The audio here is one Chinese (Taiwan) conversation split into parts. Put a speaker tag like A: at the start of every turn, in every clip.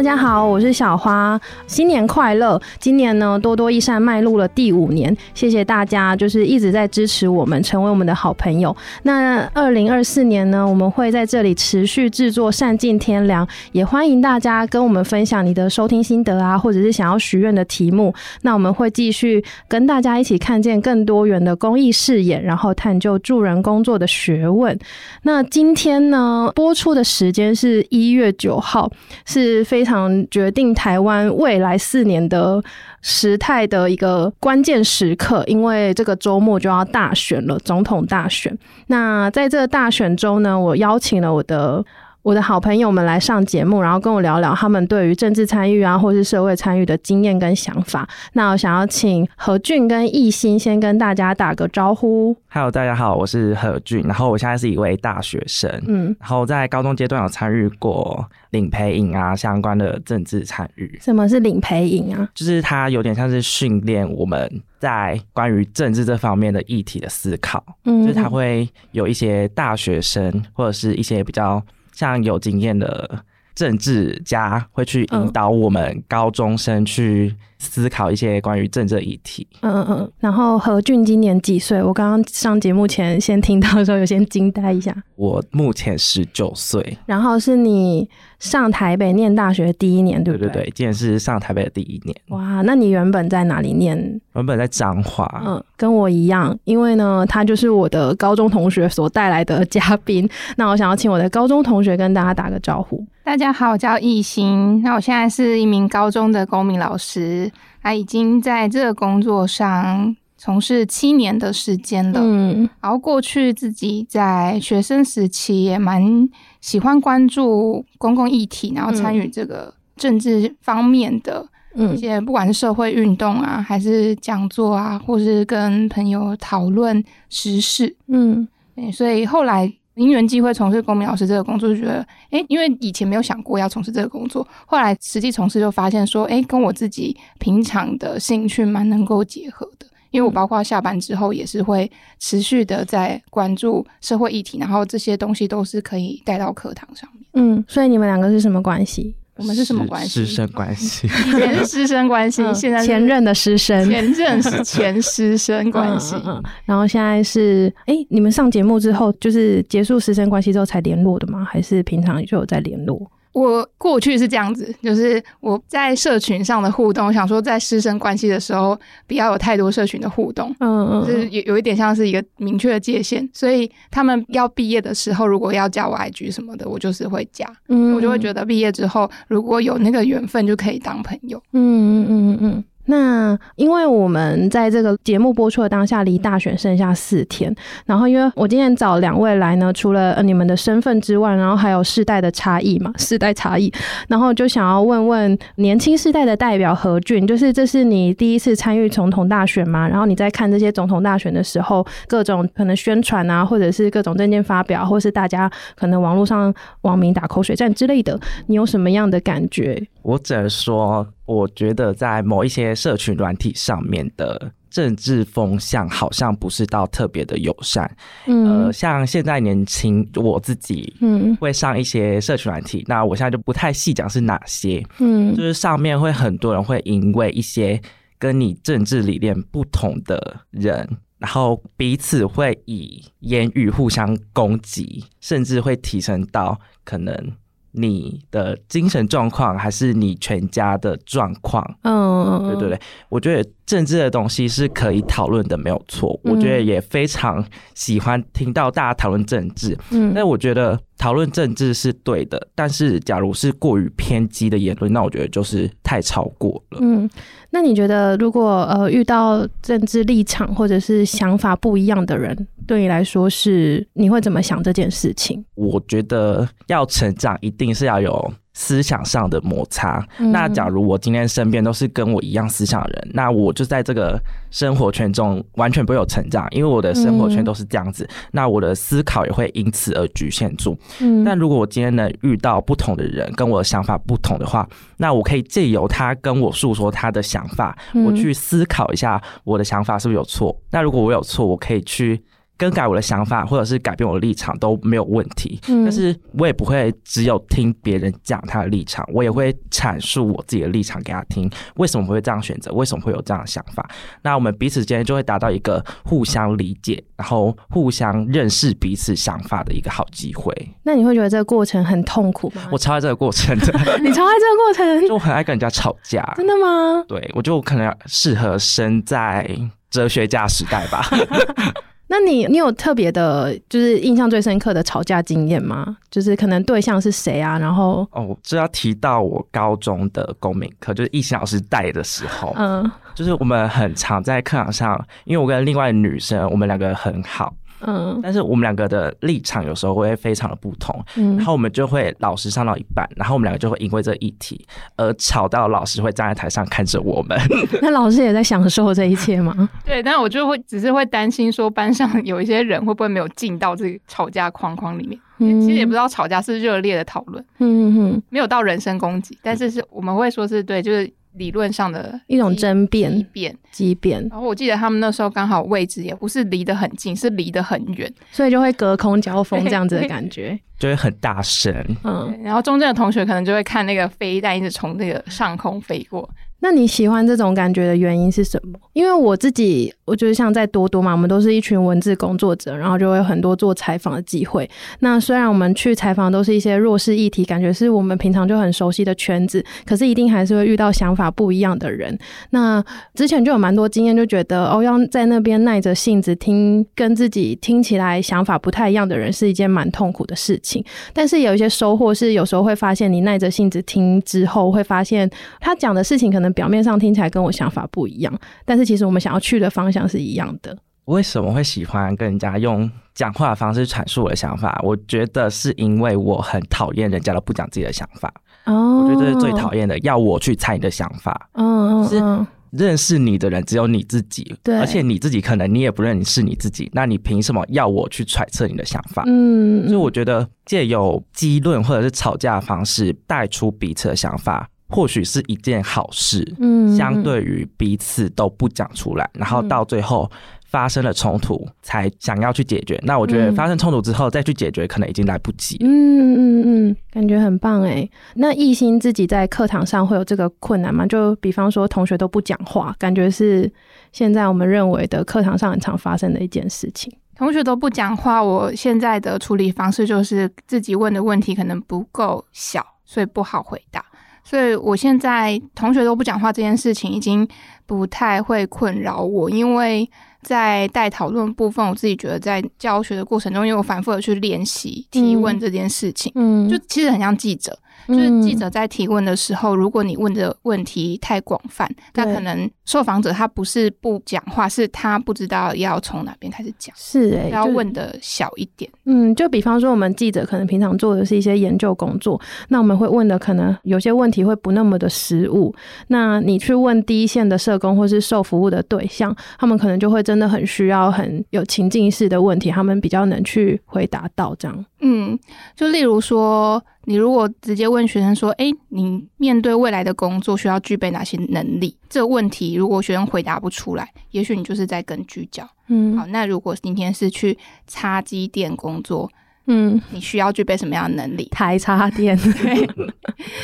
A: 大家好，我是小花，新年快樂！今年呢，多多益善邁入了第五年，謝謝大家，就是一直在支持我們，成為我們的好朋友。那二零二四年呢，我們會在這裡持續製作善盡天良，也歡迎大家跟我們分享你的收聽心得啊，或者是想要許願的題目。那我們會繼續跟大家一起看見更多元的公益事業，然後探究助人工作的學問。那今天呢，播出的時間是一月九號，是非常決定台灣未來四年的時態的一個關鍵時刻，因為這個週末就要大選了，總統大選。那在這個大選中呢，我邀請了我的。我的好朋友們來上節目，然後跟我聊聊他們對於政治參與啊，或是社會參與的經驗跟想法。那我想要請和駿跟億昕先跟大家打個招呼。
B: Hello，大家好，我是和駿，然後我現在是一位大學生。嗯，然後在高中階段有參與過領培營啊相關的政治參與。
A: 什麼是領培營啊？
B: 就是它有點像是訓練我們在關於政治這方面的議題的思考。嗯,嗯，就是它會有一些大學生或者是一些比較。像有經驗的政治家會去引導我們高中生去。思考一些關於政治議題。嗯
A: 嗯，然後和駿今年幾歲？我剛剛上節目前先聽到的時候，有先驚呆一下。
B: 我目前十九歲。
A: 然後是你上台北念大學第一年，
B: 對不對？對對對，今年是上台北的第一年。
A: 哇，那你原本在哪裡念？
B: 原本在彰化。
A: 嗯，跟我一樣，因為呢，他就是我的高中同學所帶來的嘉賓。那我想要請我的高中同學跟大家打個招呼。
C: 大家好，我叫億昕。那我現在是一名高中的公民老師，啊，已經在這個工作上從事七年的時間了。嗯，然後過去自己在學生時期也蠻喜歡關注公共議題，然後參與這個政治方面的，嗯，一些不管是社會運動啊，還是講座啊，或是跟朋友討論時事，嗯，所以後來。因緣際會從事公民老師這個工作，就覺得誒、欸、因為以前沒有想過要從事這個工作，後來實際從事就發現說，誒、欸、跟我自己平常的興趣蠻能夠結合的。因為我包括下班之後也是會持續的在關注社會議題，然後這些東西都是可以帶到課堂上面。嗯，所以你們兩個是什麼關係？我們是什麼關係？
B: 師生關係。以
A: 前是師
C: 生關係， 現在是前任
A: 的師生，前任是前師生關係。然後現在是，哎、欸，你們上節目之後，就是結束師生關係之後才聯絡的嗎？還是平常就有在聯絡？
C: 我過去是這樣子，就是我在社群上的互動，我想說在師生關係的時候，不要有太多社群的互動，嗯嗯，嗯嗯，就是有有一點像是一個明確的界限。所以他們要畢業的時候，如果要加我 IG 什麼的，我就是會加，嗯嗯，我就會覺得畢業之後如果有那個緣分，就可以當朋友，嗯
A: 嗯嗯嗯嗯。那因為我們在這個節目播出的當下，離大選剩下四天。然後，因為我今天找兩位來呢，除了你們的身份之外，然後還有世代的差異嘛，世代差異。然後就想要問問年輕世代的代表和駿，就是這是你第一次參與總統大選嗎？然後你在看這些總統大選的時候，各種可能宣傳啊，或者是各種政見發表，或是大家可能網絡上網民打口水戰之類的，你有什麼樣的感覺？
B: 我只能說，我覺得在某一些社群軟體上面的政治風向，好像不是到特別的友善。嗯，呃，像現在年輕我自己，嗯，會上一些社群軟體，嗯，那我現在就不太細講是哪些。嗯，就是上面會很多人會因為一些跟你政治理念不同的人，然後彼此會以言語互相攻擊，甚至會提升到可能。你的精神狀況，還是你全家的狀況？
D: 嗯，對對
B: 對，我覺得政治的東西是可以討論的，沒有錯。我覺得也非常喜歡聽到大家討論政治，嗯，但我覺得。討論政治是對的，但是假如是過於偏激的言論，那我覺得就是太超過
A: 了。嗯，那你覺得如果呃遇到政治立場或者是想法不一樣的人，對你來說是你會怎麼想這件事
B: 情？我覺得要成長，一定是要有。思想上的摩擦。那假如我今天身邊都是跟我一樣思想的人，嗯、那我就在這個生活圈中完全不會有成長，因為我的生活圈都是這樣子。嗯、那我的思考也會因此而局限住。嗯、但如果我今天能遇到不同的人，跟我的想法不同的話，那我可以借由他跟我訴說他的想法，我去思考一下我的想法是不是有錯。那如果我有錯，我可以去，更改我的想法，或者是改變我的立場都沒有問題。嗯，但是我也不會只有聽別人講他的立場，我也會闡述我自己的立場給他聽，為什麼不會這樣選擇，為什麼會有這樣的想法。那我們彼此之間就會達到一個互相理解，然後互相認識彼此想法的一個好機會。
A: 那你會覺得這個過程很痛苦嗎？
B: 我超愛這個過程的。 你超愛這個過程？就我很愛跟人家吵架。真的嗎？對，我就可能適合生在哲學家時代吧。
A: 那你你有特別的，就是印象最深刻的吵架經驗嗎？就是可能對象是誰啊？然後
B: 哦，這要提到我高中的公民課，就是億昕老師帶的時候，
A: 嗯，
B: 就是我們很常在課堂上，因為我跟另外女生，我們兩個很好。嗯，但是我們兩個的立場有時候會非常的不同，嗯、然後我們就會老師上到一半，然後我們兩個就會因為這議題而吵到老師會站在台上看着我們。
C: 那老師也在享受這一切嗎？ 對，但我就會只是會擔心說班上有一些人
B: 會不會沒有進到這個吵
C: 架框框裡面。嗯、其實也不知道吵架是熱烈的討論、嗯，嗯，嗯，沒有到人身攻擊，但是是我們會說是對，嗯、就是。理論上的一
A: 種爭辯，激辯
C: 變。變然後我記得他們那時候剛好位置也不是離得很近，是離得很遠，所以就會隔空交鋒這樣子的感覺， 就
B: 會很大聲。
C: 嗯，然後中間的同學可能就會看那個飛彈一直從那個上空飛過。
A: 那你喜歡這種感覺的原因是什麼？因為我自己，我就是像在多多嘛，我們都是一群文字工作者，然後就會有很多做採訪的機會。那雖然我們去採訪都是一些弱勢議題，感覺是我們平常就很熟悉的圈子，可是一定還是會遇到想法不一樣的人。那之前就有蠻多經驗，就覺得哦，要在那邊耐着性子聽，跟自己聽起來想法不太一樣的人，是一件蠻痛苦的事情。但是有一些收穫是，有時候會發現你耐着性子聽之後，會發現他講的事情可能。表面上聽起來跟我想法不一樣，但是其實我們想要去的方向是一樣的。
B: 為什麼會喜歡跟人家用講話的方式闡述我的想法？我覺得是因為我很討厭人家都不講自己的想法。
A: 哦，oh, 我覺得這是最討
B: 厭的。要我去猜你的想法，
A: 嗯，oh, oh, oh, oh. 是
B: 認識你的人只有你自己，對，而且你自己可能你也不認識你自己，那你憑什麼要我去揣測你的想法？嗯，所以我覺得借由激論或者是吵架的方式帶出彼此的想法。或許是一件好事。嗯，相對於彼此都不講出來，嗯、然後到最後發生了衝突，嗯、才想要去解決。嗯、那我覺得發生衝突之後再去解決，可能已經來不及
A: 了嗯。嗯嗯嗯，感覺很棒哎。那億昕自己在課堂上會有這個困難嗎？就比方說同學都不講話，感覺是現在我們認為的課堂上很常發生的一件事情。
C: 同學都不講話，我現在的處理方式就是自己問的問題可能不夠小，所以不好回答。所以，我現在同學都不講話這件事情，已經不太會困擾我，因為在帶討論部分，我自己覺得在教學的過程中，也有反覆的去練習提問這件事情，嗯，嗯就其實很像記者。就是記者在提問的時候，嗯、如果你問的問題太廣泛，對那可能受訪者他不是不講話，是他不知道要從哪邊開始講。是、欸，要問的小一點。嗯，
A: 就比方說，我們記者可能平常做的是一些研究工作，那我們會問的可能有些問題會不那麼的實務。那你去問第一線的社工或是受服務的對象，他們可能就會真的很需要很有情境式的問題，他們比較能去回答到。這樣，
C: 嗯，就例如說。你如果直接問學生說：“哎，你面對未來的工作需要具備哪些能力？”這個問題，如果學生回答不出來，也許你就是在跟聚焦。嗯，好，那如果今天是去插機電工作，嗯，你需要具備什麼樣的能力？台插電， 對，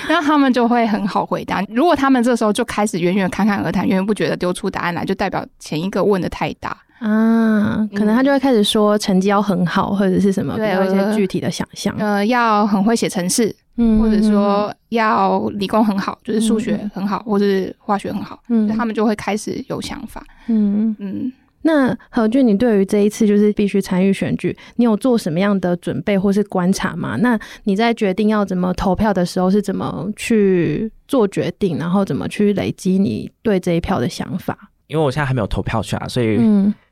C: 那他們就會很好回答。 如果他們這時候就開始遠遠侃侃而談，遠遠不覺得丟出答案來，就代表前一個問得太大。啊，可能
A: 他就會開始說成績要很好，嗯、或者是什麼，對，有一些具體的想象。
C: 呃，要很會寫程式，嗯，或者說要理工很好，就是數學很好，嗯、或是化學很好。嗯，他們就會開始有想法。嗯嗯。嗯，
A: 那和駿，你對於這一次就是必須參與選舉，你有做什麼樣的準備或是觀察嗎？那你在決定要怎麼投票的時候，是怎麼去做決定，然後怎麼去累積你對這一票的想法？
B: 因為我現在還沒有投票權啊，所以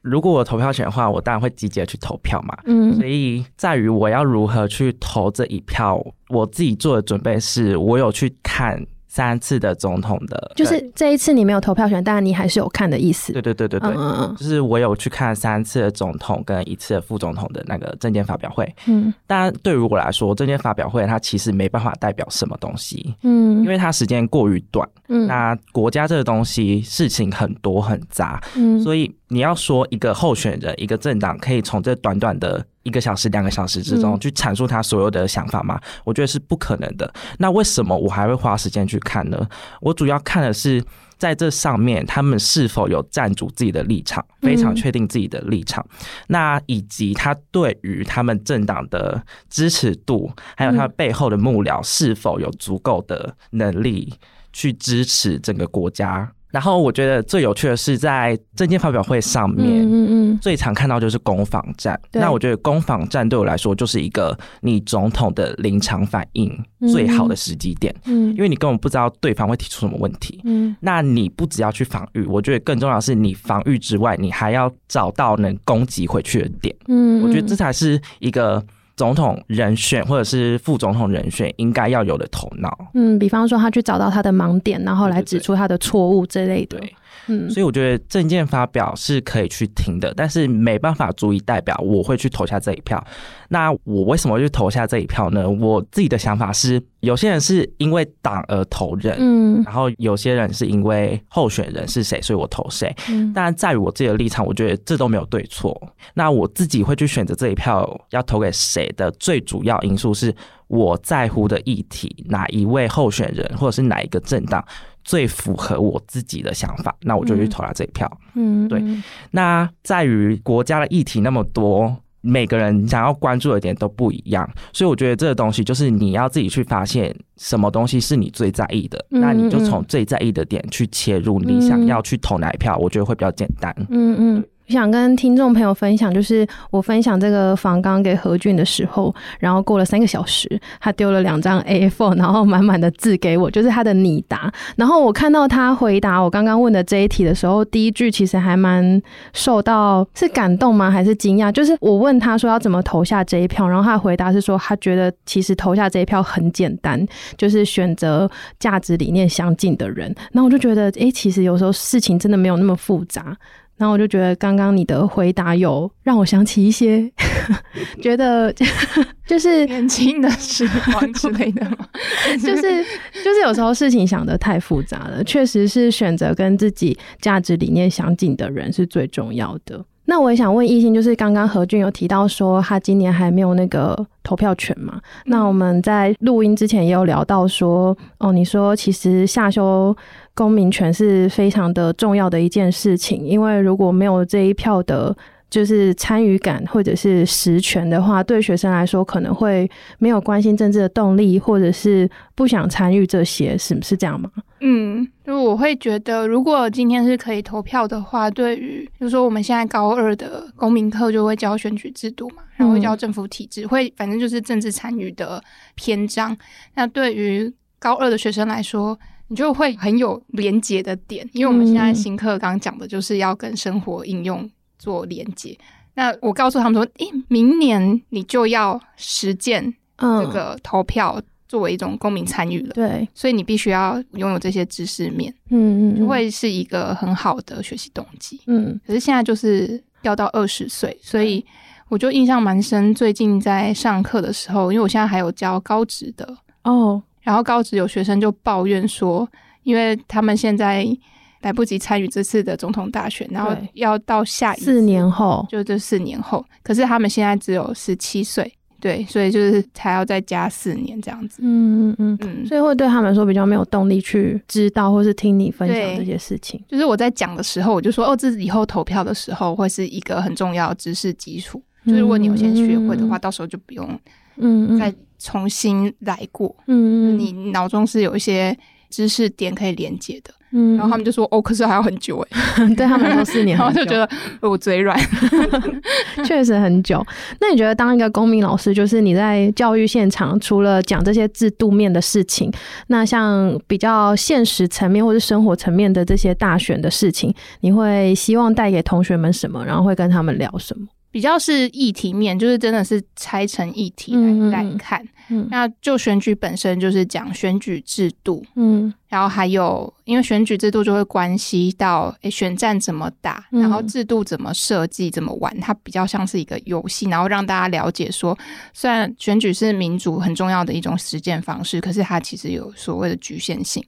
B: 如果我投票權的話，嗯、我當然會積極的去投票嘛。嗯、所以在於我要如何去投這一票，我自己做的準備是，我有去看。三次的總統的，就是
A: 這一次你沒有投票權，對但你還是有看的意
B: 思。對對對對對，嗯嗯嗯，就是我有去看三次的總統跟一次的副總統的那個政見發表會。嗯，但對於我來說，政見發表會它其實沒辦法代表什麼東西。嗯，因為它時間過於短。嗯，那國家這個東西事情很多很雜。嗯，所以你要說一個候選人一個政黨可以從這短短的。一個小時、兩個小時之中去闡述他所有的想法嗎？嗯、我覺得是不可能的。那為什麼我還會花時間去看呢？我主要看的是在這上面他們是否有站住自己的立場，非常確定自己的立場。嗯、那以及他對於他們政黨的支持度，還有他背後的幕僚是否有足夠的能力去支持整個國家。然後我覺得最有趣的是在政見發表會上面，最常看到就是攻防戰。嗯嗯、那我覺得攻防戰對我來說就是一個你總統的臨場反應最好的時機點，嗯嗯、因為你根本不知道對方會提出什麼問題。嗯、那你不只要去防禦，我覺得更重要的是你防禦之外，你還要找到能攻擊回去的點。嗯嗯、我覺得這才是一個總統人選或者是副總統人選應該要有的頭腦，
A: 嗯，比方說他去找到他的盲點，然後來指出他的錯誤之類的。對對對對對對。所
B: 以我覺得政見發表是可以去聽的，但是沒辦法足以代表我會去投下這一票。那我為什麼會去投下這一票呢？我自己的想法是，有些人是因為黨而投人，嗯、然後有些人是因為候選人是誰，所以我投誰。當然、嗯，在於我自己的立場，我覺得這都沒有對錯。那我自己會去選擇這一票要投給誰的最主要因素是我在乎的議題，哪一位候選人或者是哪一個政黨最符合我自己的想法，那我就去投他這一票。嗯，嗯對。那在於國家的議題那麼多，每個人想要關注的點都不一樣，所以我覺得這個東西就是你要自己去發現什麼東西是你最在意的，嗯嗯、那你就從最在意的點去切入，你想要去投哪一票，嗯、我覺得會比較簡單。嗯嗯。嗯
A: 嗯我想跟聽眾朋友分享，就是我分享這個訪綱給和駿的時候，然後過了三個小時，他丟了兩張 A4 然後滿滿的字給我，就是他的擬答。然後我看到他回答我剛剛問的這一題的時候，第一句其實還蠻受到是感動嗎？還是驚訝？就是我問他說要怎麼投下這一票，然後他回答是說他覺得其實投下這一票很簡單，就是選擇價值理念相近的人。那我就覺得，哎、欸，其實有時候事情真的沒有那麼複雜。然後我就覺得，剛剛你的回答有讓我想起一些， 覺得就是
C: 年輕的時光之類的，
A: 就是就是有時候事情想的太複雜了，確實是選擇跟自己價值理念相近的人是最重要的。那我也想問億昕，就是剛剛和駿有提到說他今年還沒有那個投票權嘛，那我們在錄音之前也有聊到說，哦，你說其實下修。公民權是非常的重要的一件事情，因為如果沒有這一票的，就是參與感或者是實權的話，對學生來說可能會沒有關心政治的動力，或者是不想參與這些，是不是這樣嗎？嗯，
C: 就我會覺得，如果今天是可以投票的話，對於就是說我們現在高二的公民課就會教選舉制度嘛，然後會教政府體制，嗯、會反正就是政治參與的篇章。那對於高二的學生來說，你就會很有連接的點，因為我們現在新課剛講的就是要跟生活應用做連接。嗯、那我告訴他們說：“誒、欸，明年你就要實踐這個投票作為一種公民參與了。”對，所以你必須要擁有這些知識面，嗯嗯，嗯，就會是一個很好的學習動機。嗯，嗯，可是現在就是要到二十歲，所以我就印象蠻深。最近在上課的時候，因為我現在還有教高職的哦。然後高職有學生就抱怨說，因為他們現在來不及參與這次的總統大選，對然後要到下
A: 一次四年後，
C: 就這四年後。可是他們現在只有十七歲，對，所以就是才要再加四年這樣子，嗯嗯嗯，
A: 嗯，所以會對他們說比較沒有動力去知道或是聽你分享這些事情。
C: 就是我在講的時候，我就說哦，這以後投票的時候會是一個很重要知識基礎，就是、如果你有先學會的話，嗯嗯嗯到時候就不用再嗯，嗯嗯。重新來過，嗯，你腦中是有一些知識點可以連接的，嗯，然後他們就說，哦，可是還要很久哎，欸， 對他們說四年 然後就覺得我，哦，嘴軟，
A: 確 實很久。那你覺得當一個公民老師，就是你在教育現場，除了講這些制度面的事情，那像比較現實層面或是生活層面的這些大選的事情，你會希望帶給同學們什麼？然後會跟他們聊什麼？
C: 比較是議題面，就是真的是拆成議題來看。嗯嗯、那就選舉本身就是講選舉制度，嗯、然後還有因為選舉制度就會關係到、欸、選戰怎麼打，然後制度怎麼設計怎麼玩，它比較像是一個遊戲，然後讓大家了解說，雖然選舉是民主很重要的一種實踐方式，可是它其實有所謂的局限性。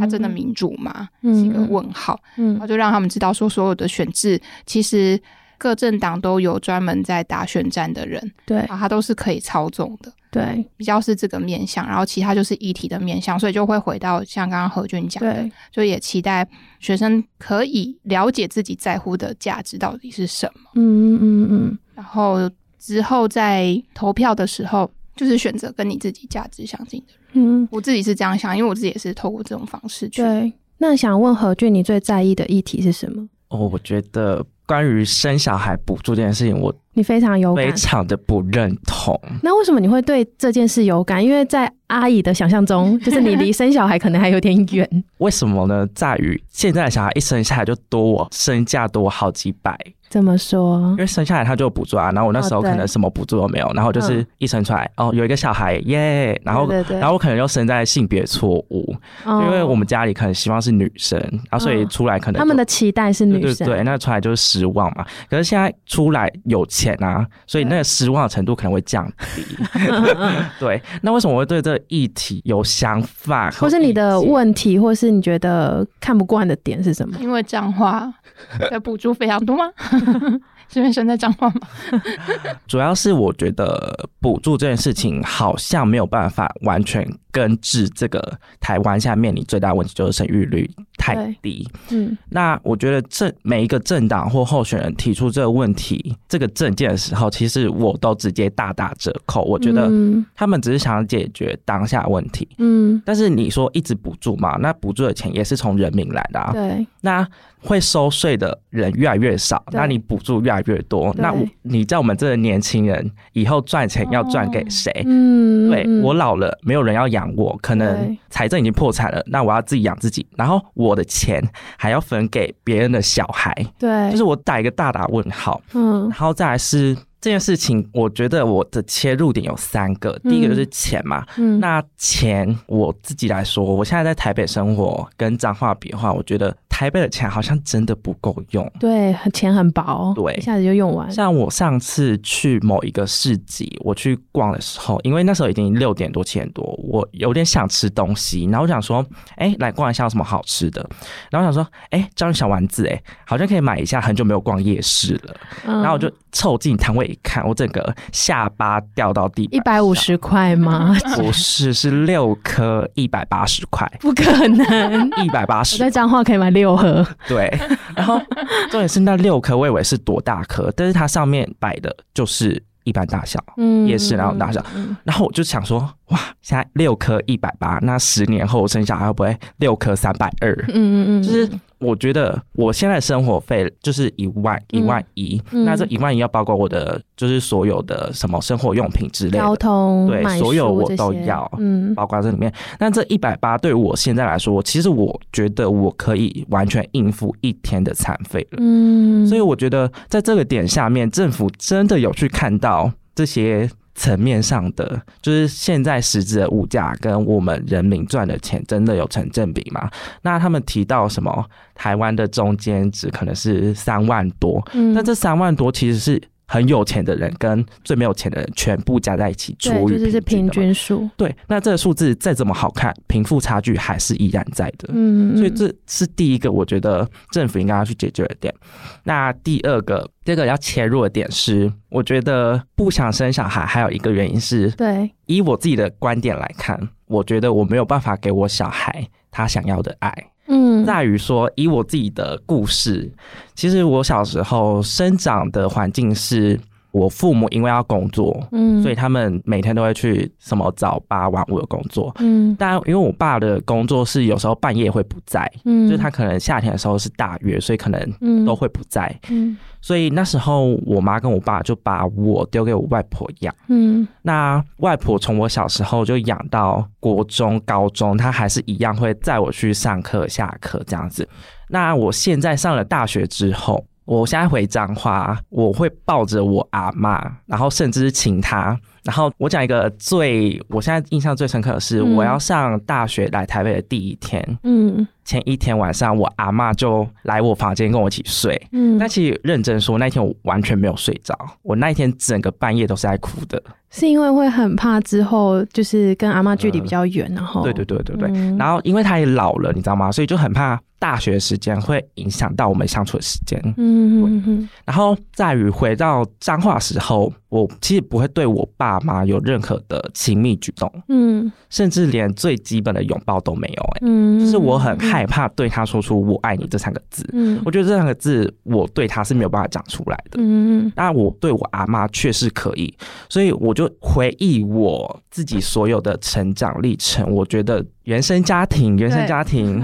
C: 它真的民主嘛，是一個問號。然後就讓他們知道說，所有的選制其實。各政黨都有專門在打選戰的人，對啊，他都是可以操縱的，對，比較是這個面向，然後其他就是議題的面向，所以就會回到像剛剛和駿講的，對，就也期待學生可以了解自己在乎的價值到底是什麼，
D: 嗯嗯嗯嗯，嗯
C: 嗯然後之後在投票的時候，就是選擇跟你自己價值相近的人，嗯，我自己是這樣想，因為我自己也是透過這種方式去，對，
A: 那想問和駿，你最在意的議題是什麼？
B: 哦，我覺得。關於生小孩補助這件事情，我
A: 你非常有非常
B: 的不認同。
A: 那為什麼你會對這件事有感？因為在阿姨的想象中， 就是你離生小孩可能還有點遠。
B: 為什麼呢？在於現在的小孩一生下來就多我，身價多我好幾百。怎麼說？因為生下來他就有補助啊，然後我那時候可能什麼補助都沒有，哦、對然後就是一生出來、嗯、哦，有一個小孩耶，yeah, 然後對對對，然後我可能又生在性別錯誤，哦、因為我們家裡可能希望是女生，然後所以出來可能對對對、哦、他們
A: 的期待是女生，對，
B: 那出來就是失望嘛。可是現在出來有錢啊，所以那個失望的程度可能會降低。對， 對，那為什麼我會對這個議題有想法？或
A: 是你的問題，或是你覺得看不慣的點是什
C: 麼？因為這樣的話，的補助非常多嗎？ 這邊生在講話嗎？
B: 主要是我覺得補助這件事情好像沒有辦法完全根治這個台灣現在面臨最大的問題，就是生育率。太低，嗯，那我覺得這每一個政黨或候選人提出這個問題、這個政見的時候，其實我都直接大打折扣。我覺得他們只是想解決當下問題，嗯。但是你說一直補助嘛，那補助的錢也是從人民來的啊。對。那會收稅的人越來越少，對那你補助越來越多，對那你在我們這個年輕人以後賺錢要賺給誰？哦？嗯，對我老了沒有人要養我，可能財政已經破產了，對那我要自己養自己。然後。我的錢還要分給別人的小孩，對，就是我打一個大大問號，嗯，然後再來是這件事情，我覺得我的切入點有三個，第一個就是錢嘛，嗯，那錢我自己來說，我現在在台北生活，跟彰化比的話，我覺得。台北的錢好像真的不夠用，
A: 對，很錢很薄，對，一下子就用完。
B: 像我上次去某一個市集，我去逛的時候，因為那時候已經六點多七點多，我有點想吃東西，然後我想說，哎，來逛一下有什麼好吃的，然後我想說，哎，章魚小丸子，哎，好像可以買一下，很久沒有逛夜市了，然後我就湊近攤位一看，我整個下巴掉到地，一百五十
A: 塊嗎？不
B: 是，是六顆一百八十塊，不可能，一百八十塊。我
A: 在彰化可以買六。六顆，
B: 對，然後重點是那六顆，我以為是多大顆，但是它上面擺的就是一般大小，嗯、也是然後大小，然後我就想說。哇！現在六顆一百八，那十年後生小孩會不會六顆三百二？嗯嗯嗯，就是我覺得我現在生活費就是一萬一、嗯、一萬一、嗯嗯，那這一萬一要包括我的，就是所有的什麼生活用品之類交通同對，所有我都要，嗯，包括在裡面。那、嗯、這一百八對我現在來說，其實我覺得我可以完全應付一天的餐費了。
D: 嗯，
B: 所以我覺得在這個點下面，政府真的有去看到這些。層面上的，就是現在實質的物價跟我們人民賺的錢真的有成正比嗎？那他們提到什麼台灣的中間值可能是三萬多，那這三萬多其實是。很有錢的人跟最沒有錢的人全部加在一起，這就是、是平均數。均數。對，那這個數字再怎麼好看，貧富差距還是依然在的。嗯，嗯，所以這是第一個，我覺得政府應該要去解決的點。那第二個，這個要切入的點是，我覺得不想生小孩還有一個原因是，對，以我自己的觀點來看，我覺得我沒有辦法給我小孩他想要的愛。嗯，在於說，以我自己的故事，其實我小時候生長的環境是。我父母因為要工作，嗯，所以他們每天都會去什麼早八晚五的工作，嗯，但因為我爸的工作是有時候半夜會不在，嗯，就是他可能夏天的時候是大約，所以可能都會不在，嗯，嗯，所以那時候我媽跟我爸就把我丟給我外婆養，嗯，那外婆從我小時候就養到國中、高中，她還是一樣會載我去上課、下課這樣子。那我現在上了大學之後。我現在回彰化，我會抱着我阿媽，然後甚至是請她。然後我講一個最我現在印象最深刻的是，嗯、我要上大學來台北的第一天。嗯。前一天晚上，我阿媽就來我房間跟我一起睡。嗯，那其實認真說，那一天我完全沒有睡着，我那一天整個半夜都是在哭的。
A: 是因為會很怕之後就是跟阿媽距離比較遠，然後、呃、對
B: 對對對對，嗯、然後因為他也老了，你知道嗎？所以就很怕大學時間會影響到我們相處的時間。嗯嗯，然後在於回到彰化時候，我其實不會對我爸媽有任何的親密舉動。
D: 嗯，
B: 甚至連最基本的擁抱都沒有、欸。哎，嗯，就是我很。害怕對他說出“我愛你”這三個字，嗯，我覺得這三個字我對他是沒有辦法講出來的，嗯嗯，但我對我阿媽卻是可以，所以我就回憶我自己所有的成長歷程，我覺得原生家庭，原生家庭，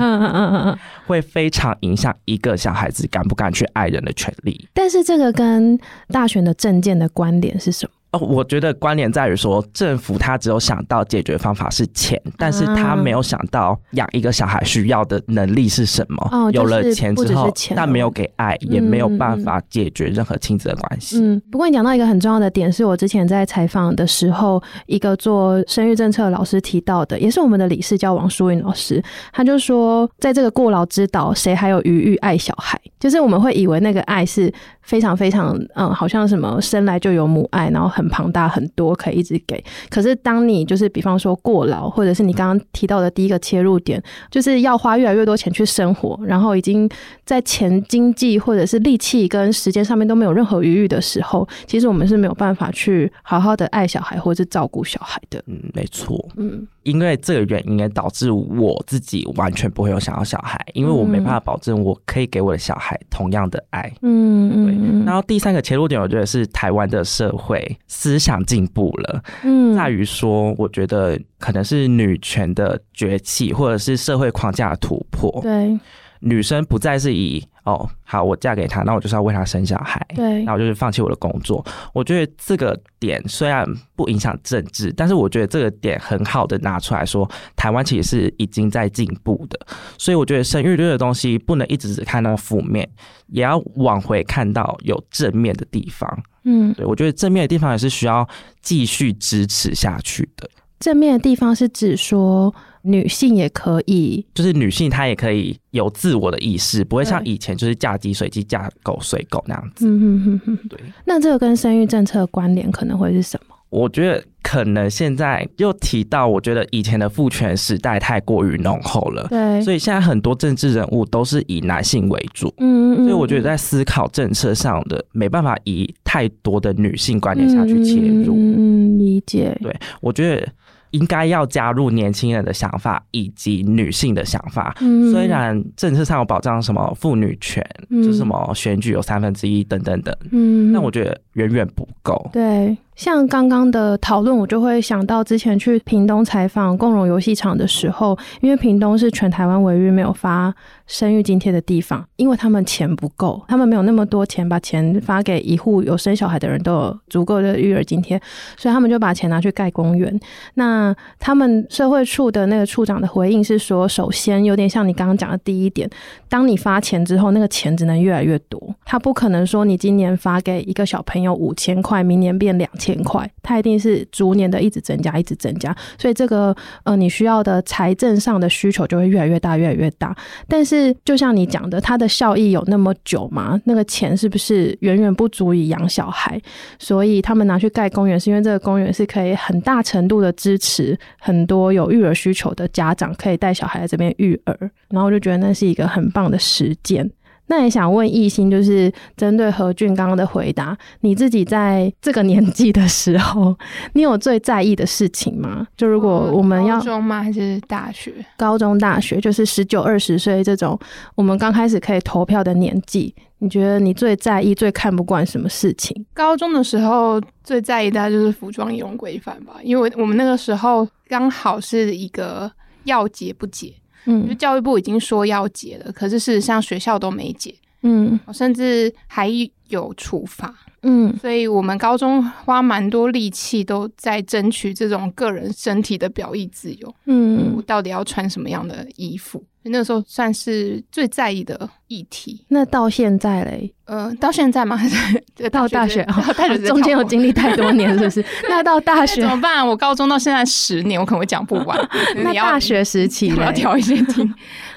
B: 會非常影響一個小孩子敢不敢去愛人的權利。
A: 但是這個跟大選的政見的觀點是什麼？
B: 哦，我覺得關聯在於說，政府他只有想到解決方法是錢，但是他沒有想到養一個小孩需要的能力是什麼。哦、啊，有了錢之後，哦、但沒有給愛，嗯、也沒有辦法解決任何親子的關係。
A: 嗯，不過你講到一個很重要的點，是我之前在採訪的時候，一個做生育政策的老師提到的，也是我們的理事叫王淑雲老師，他就說，在這個過勞之島，誰還有餘裕愛小孩？就是我們會以為那個愛是非常非常，嗯，好像什麼生來就有母愛，然後。很龐大很多，可以一直給。可是當你就是比方說過勞，或者是你剛剛提到的第一個切入點，就是要花越來越多錢去生活，然後已經在錢、經濟或者是力氣跟時間上面都沒有任何餘裕的時候，其實我們是沒有辦法去好好的愛小孩或者是照顧小孩
B: 的。嗯，沒錯。嗯。因為這個原因而導致我自己完全不會有想要小孩，因為我沒辦法保證我可以給我的小孩同樣的愛。嗯。然後第三個切入點，我覺得是台灣的社會思想進步了。嗯，在於說，我覺得可能是女權的崛起，或者是社會框架的突破。對。女生不再是以哦，好，我嫁給他，那我就是要為他生小孩，對，那我就是放棄我的工作。我覺得這個點雖然不影響政治，但是我覺得這個點很好的拿出來說，台灣其實是已經在進步的。所以我覺得生育率的東西不能一直只看到負面，也要往回看到有正面的地方。
D: 嗯，對，我
B: 覺得正面的地方也是需要繼續支持下去的。
A: 正面的地方是指說？女性也可以，
B: 就是女性她也可以有自我的意識，對不會像以前就是嫁雞隨雞、嫁狗隨狗那樣
A: 子。嗯哼哼哼對。那這個跟生育政策的關聯可能會是什麼？
B: 我覺得可能現在又提到，我覺得以前的父權時代太過於濃厚了，對。所以現在很多政治人物都是以男性為主，嗯，嗯，嗯。所以我覺得在思考政策上的沒辦法以太多的女性觀念下去切入，嗯，嗯，理解。對，我覺得。應該要加入年輕人的想法以及女性的想法。嗯，雖然政策上有保障，什麼婦女權，嗯，就什麼選舉有三分之一等等等。嗯，那我覺得。遠遠不夠。
A: 對，像剛剛的討論，我就會想到之前去屏東採訪共融遊戲場的時候，因為屏東是全台灣唯一沒有發生育津貼的地方，因為他們錢不夠，他們沒有那麼多錢把錢發給一戶有生小孩的人都有足夠的育兒津貼，所以他們就把錢拿去蓋公園。那他們社會處的那個處長的回應是說，首先有點像你剛剛講的第一點，當你發錢之後，那個錢只能越來越多，他不可能說你今年發給一個小朋友。要五千塊，明年變兩千塊，它一定是逐年的一直增加，一直增加。所以這個呃，你需要的財政上的需求就會越來越大，越來越大。但是就像你講的，它的效益有那麼久嗎？那個錢是不是遠遠不足以養小孩？所以他們拿去蓋公園，是因為這個公園是可以很大程度的支持很多有育兒需求的家長可以帶小孩在這邊育兒。然後我就覺得那是一個很棒的時間。那也想問億昕，就是針對和駿剛、剛的回答，你自己在這個年紀的時候，你有最在意的事情嗎？就如果我們要高中嗎？還是大學？高中、大學，就是十九、二十歲這種我們剛開始可以投票的年紀，你覺得你最在意、最看不慣什
C: 麼事情？高中的時候最在意的就是服裝儀容規範吧，因為我們那個時候剛好是一個要解不解。嗯，就教育部已經說要解了，嗯、可是事實上學校都沒解，嗯，甚至還有處罰。嗯，所以我們高中花蠻多力氣都在爭取這種個人身體的表意自由。嗯，嗯到底要穿什麼樣的衣服？那個時候算是最在意的議題。
A: 那到現在嘞？
C: 呃，到現在嗎？還是 到,到大學？大學、哦、中間有經歷太多年，是不是？ 那到大學那怎麼辦？我高中到現在十年，我可能會講不完。 那大學時期，我要挑一些聽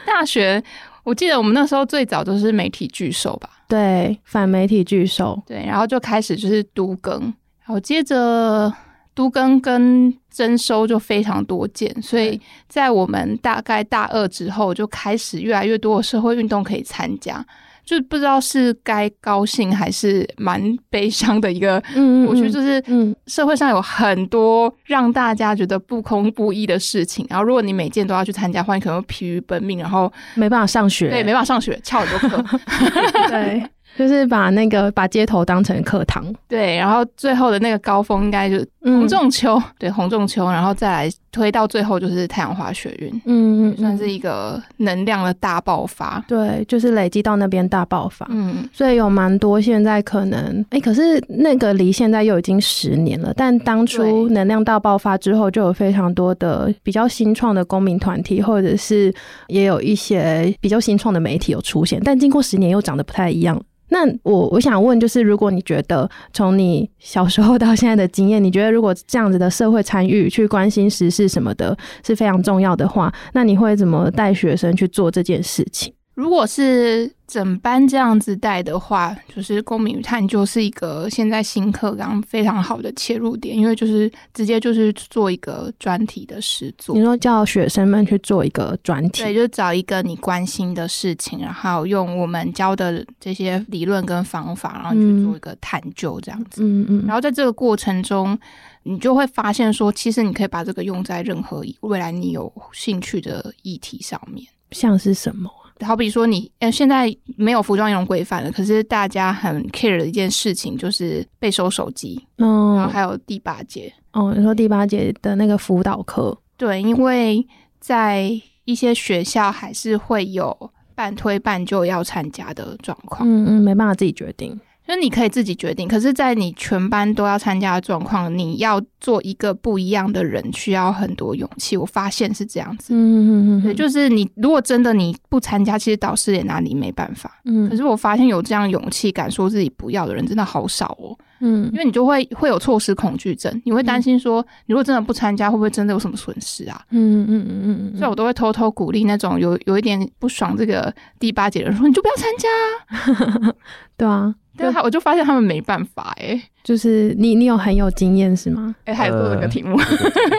C: 大學。我記得我們那時候最早都是媒體巨獸吧？對，反媒體巨獸。對，然後就開始就是都更，然後接着都更跟徵收就非常多見，所以在我們大概大二之後，就開始越來越多的社會運動可以參加。就不知道是該高興還是蠻悲傷的一個，嗯、我覺得就是，嗯，社會上有很多讓大家覺得不公不義的事情，嗯、然後如果你每件都要去參加，的話你可能會疲於奔命，然後沒辦法上學，對，沒辦法上學，翹很多課， 對。
A: 就是把那個把街頭當成課堂，
C: 對，然後最後的那個高峰應該就是洪仲丘。嗯、對，洪仲丘，然後再來推到最後就是太陽花學運，嗯，嗯，嗯，算是一個能量的大
A: 爆發，對，就是累積到那邊大爆發，嗯嗯，所以有蠻多現在可能，哎、欸，可是那個離現在又已經十年了，但當初能量大爆發之後，就有非常多的比較新創的公民團體，或者是也有一些比較新創的媒體有出現，但經過十年又長得不太一樣。那我我想問，就是如果你覺得從你小時候到現在的經驗，你覺得如果這樣子的社會參與、去關心時事什麼的是非常重要的話，那你會怎麼帶學生去做這件事
C: 情？如果是整班這樣子帶的話，就是公民與探究是一個現在新課綱非常好的切入點，因為就是直接就是做一個專題的實作。你
A: 說叫學生們去做一個專題，對，就
C: 找一個你關心的事情，然後用我們教的這些理論跟方法，然後去做一個探究，這樣子。嗯，嗯嗯。然後在這個過程中，你就會發現說，其實你可以把這個用在任何未來你有興趣的議題上面。
A: 像是什麼？
C: 好比說你，欸，現在沒有服裝儀容規範了，可是大家很 care 的一件事情就是被收手機，嗯，哦，然後還有第八節，
A: 哦，你說第八節的那個輔導課，
C: 對，因為在一些學校還是會有半推半就要參加的狀況，嗯嗯，沒辦法自己決定。那你可以自己決定，可是，在你全班都要參加的狀況，你要做一個不一樣的人，需要很多勇氣。我發現是這樣子，嗯嗯嗯對，就是你如果真的你不參加，其實導師也拿你沒辦法。嗯，可是我發現有這樣勇氣敢說自己不要的人真的好少哦。嗯，因為你就會會有錯失恐懼症，你會擔心說，嗯、你如果真的不參加，會不會真的有什麼損失啊？嗯嗯嗯嗯嗯。嗯嗯嗯所以我都會偷偷鼓勵那種有有一點不爽這個第八節的人說，你就不要參加啊。 對啊。對，他我就發現他們沒辦法哎，就是你你有很有經驗是嗎？哎，還有做了個題目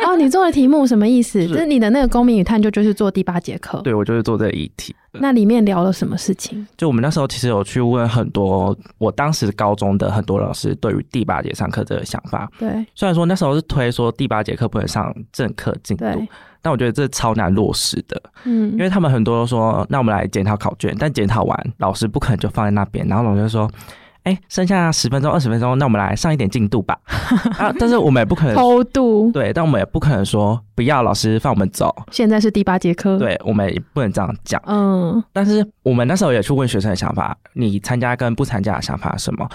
C: 哦，
A: 你做的題目什麼意思？就是你的那個公民與探究就是做第八節課。
B: 對，我就是做這一題。
A: 那裡面聊了什麼事情？
B: 就我們那時候其實有去問很多我當時高中的很多老師對於第八節上課這個想法。對，雖然說那時候是推說第八節課不能上正課進度，但我覺得這超難落實的。嗯，因為他們很多都說，那我們來檢討考卷，但檢討完老師不可能就放在那邊，然後老師就說。哎、欸，剩下十分鐘、二十分鐘，那我們來上一點進度吧。 啊，但是我們也不可能偷渡，對，但我們也不可能說不要老師放我們走。現在是第八節課，對，我們也不能這樣講。嗯，但是我們那時候也去問學生的想法，你參加跟不參加的想法是什麼？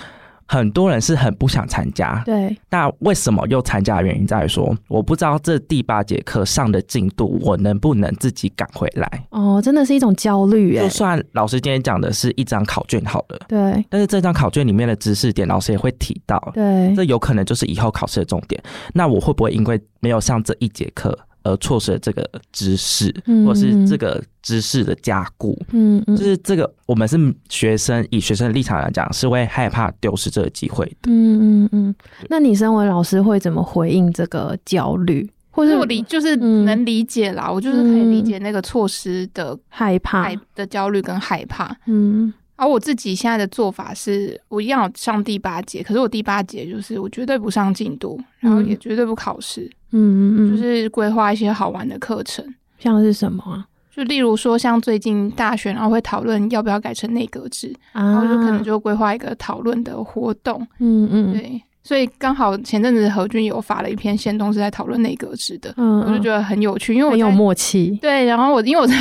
B: 很多人是很不想參加，對。那為什麼又參加的原因，在於說，我不知道這第八節課上的進度，我能不能自己趕回來？
A: 哦，真的是一種焦慮。哎，就
B: 算老師今天講的是一張考卷好了，對。但是這張考卷裡面的知識點，老師也會提到，對。這有可能就是以後考試的重點。那我會不會因為沒有上這一節課？而錯失這個知識，或是這個知識的加固，
D: 嗯，就
B: 是這個，我們是學生，以學生的立場來講，是會害怕丟失這個機會
A: 的，嗯嗯嗯。那你身為老師，會怎麼回應這個焦慮？
C: 對或是我理，就是能理解啦，嗯、我就是可以理解那個錯失的、嗯、害怕的焦慮跟害怕，嗯。而、啊、我自己現在的做法是，我一樣有上第八節，可是我第八節就是我絕對不上進度，然後也絕對不考試，嗯
A: 嗯
D: 嗯，嗯嗯就是
C: 規劃一些好玩的課程，
A: 像是什麼，
C: 就例如說像最近大選，然後會討論要不要改成內閣制，啊、然後就可能就規劃一個討論的活動，嗯嗯，嗯對，所以剛好前陣子何君有發了一篇限動是在討論內閣制的，嗯，嗯我就覺得很有趣，因為我很有默契，對，然後我因為我在。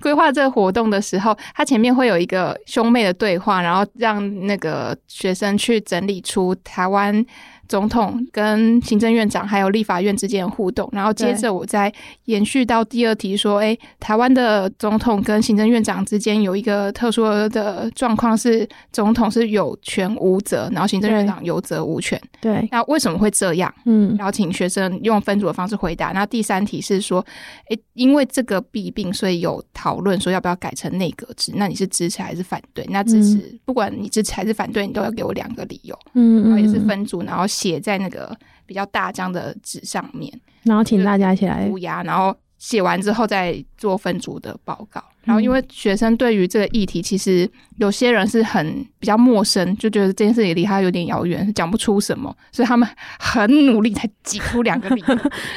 C: 規劃 這個活動的時候，他前面會有一個兄妹的對話，然後讓那個學生去整理出台灣總統跟行政院長還有立法院之間的互動，然後接着我再延續到第二題說：，哎對、欸，台灣的總統跟行政院長之間有一個特殊的狀況，是總統是有權無責，然後行政院長有責無權。對，那為什麼會這樣？嗯對，然後請學生用分組的方式回答。嗯、那第三題是說：，哎、欸，因為這個弊病，所以有討論說要不要改成內閣制？那你是支持還是反對？那支持，嗯、不管你支持還是反對，你都要給我兩個理由。嗯，
A: 嗯，嗯，然後也是分
C: 組，然後。寫在那個比較大張的紙上面，然後請大家一起來塗鴉，然後寫完之後再做分組的報告。然後，因為學生對於這個議題，其實有些人是很比較陌生，就覺得這件事情離他有點遙遠，講不出什麼，所以他們很努力才擠出兩個名，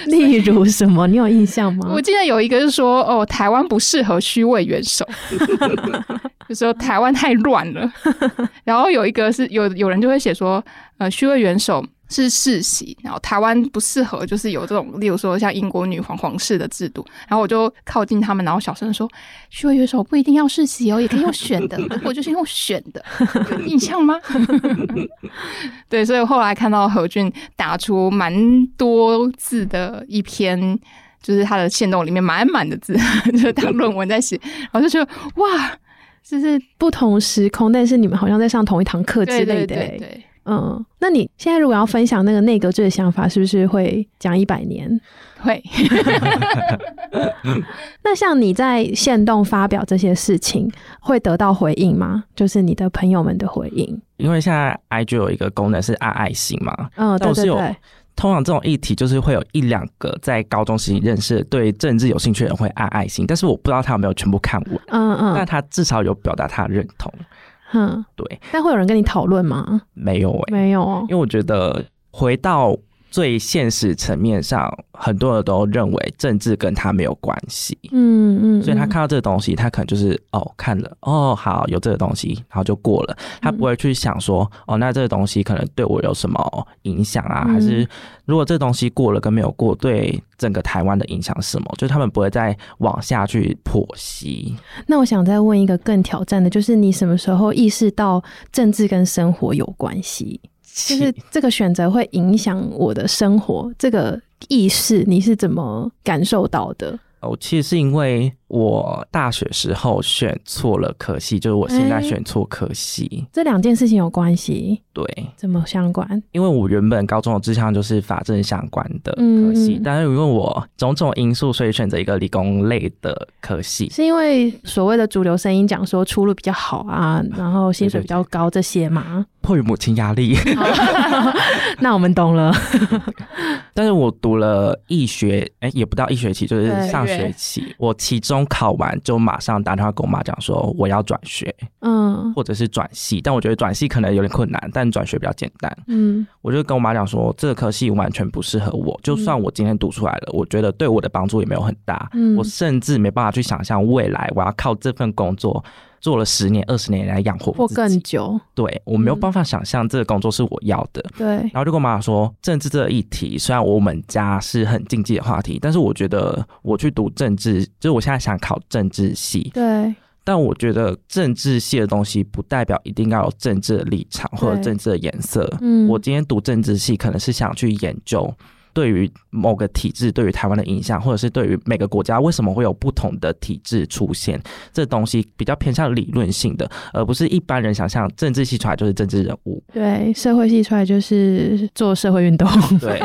C: 例如什麼？你有印象嗎？我記得有一個是說，哦，台灣不適合虛位元首， 就說台灣太亂了。然後有一個是有有人就會寫說，呃，虛位元首。是世襲，然後台灣不適合，就是有這種，例如說像英國女皇皇室的制度。然後我就靠近他們，然後小聲說：“學慧月，時候不一定要世襲哦，也可以用選的。我就是用選的，有印象嗎？” 對，所以後來看到和駿打出蠻多字的一篇，就是他的限動裡面滿滿的字， 就是他論文在寫。然後就覺得哇，就是不同時空，但是你們好像在上同一堂課之類的，對，對，對，對，對。
A: 嗯，那你現在如果要分享那個內閣制的想法，是不是會講一百年？會。 那像你在限動發表這些事情，會得到回應嗎？就是你的朋友們的回應。
B: 因為現在 IG 有一個功能是按愛心嘛，嗯，都是有。通常這種議題，就是會有一兩個在高中時期認識、對政治有興趣的人會按愛心，但是我不知道他有沒有全部看完。嗯嗯。但他至少有表達他的認同。嗯，對，
A: 那會有人跟你討論嗎？
B: 沒有誒、欸。沒有哦，因為我覺得回到。最現實層面上，很多人都認為政治跟他沒有關係、嗯。嗯嗯，所以他看到這個東西，他可能就是哦看了哦好有這個東西，然後就過了。他不會去想說、嗯、哦，那這個東西可能對我有什麼影響啊？嗯、還是如果這個東西過了跟沒有過，對整個台灣的影響是什麼？就是他們不會再往下去剖析。
A: 那我想再問一個更挑戰的，就是你什麼時候意識到政治跟生活有關係？就是這個選擇會影響我的生活，這個意識你是怎麼感受到的？
B: 哦，oh, 其實是因為。我大學時候選錯了科系，就是我現在選錯科系。欸、
A: 這兩件事情有關係？對，怎麼相關？
B: 因為我原本高中的志向就是法政相關的科系，嗯嗯，但是因為我種種因素，所以選擇一個理工類的科系。是
A: 因為所謂的主流聲音講說出路比較好啊，然後薪水比較高這些嗎？對對
B: 對，迫於母親壓力。
A: 那我們懂了。
B: 但是我讀了一學，哎、欸，也不到一學期，就是上學期，呃、我其中。考完就馬上打電話跟我媽講說我要轉學，
D: 嗯，或
B: 者是轉系，但我覺得轉系可能有點困難，但轉學比較簡單，嗯，我就跟我媽講說這科系完全不適合我，就算我今天讀出來了，我覺得對我的幫助也沒有很大，我甚至沒辦法去想象未來我要靠這份工作做了十年、二十年來養活我，或更久。對，我沒有辦法想象這個工作是我要的。嗯、對。然後就跟我媽媽說，政治這一題，雖然我們家是很禁忌的話題，但是我覺得我去讀政治，就是我現在想考政治系。對。但我覺得政治系的東西不代表一定要有政治的立場或者政治的顏色。嗯。我今天讀政治系，可能是想去研究。對於某個體制對於台灣的影響，或者是對於每個國家為什麼會有不同的體制出現，這東西比較偏向理論性的，而不是一般人想象政治系出來就是政治人物，
A: 對，社會系出來就是做社會運動， 對，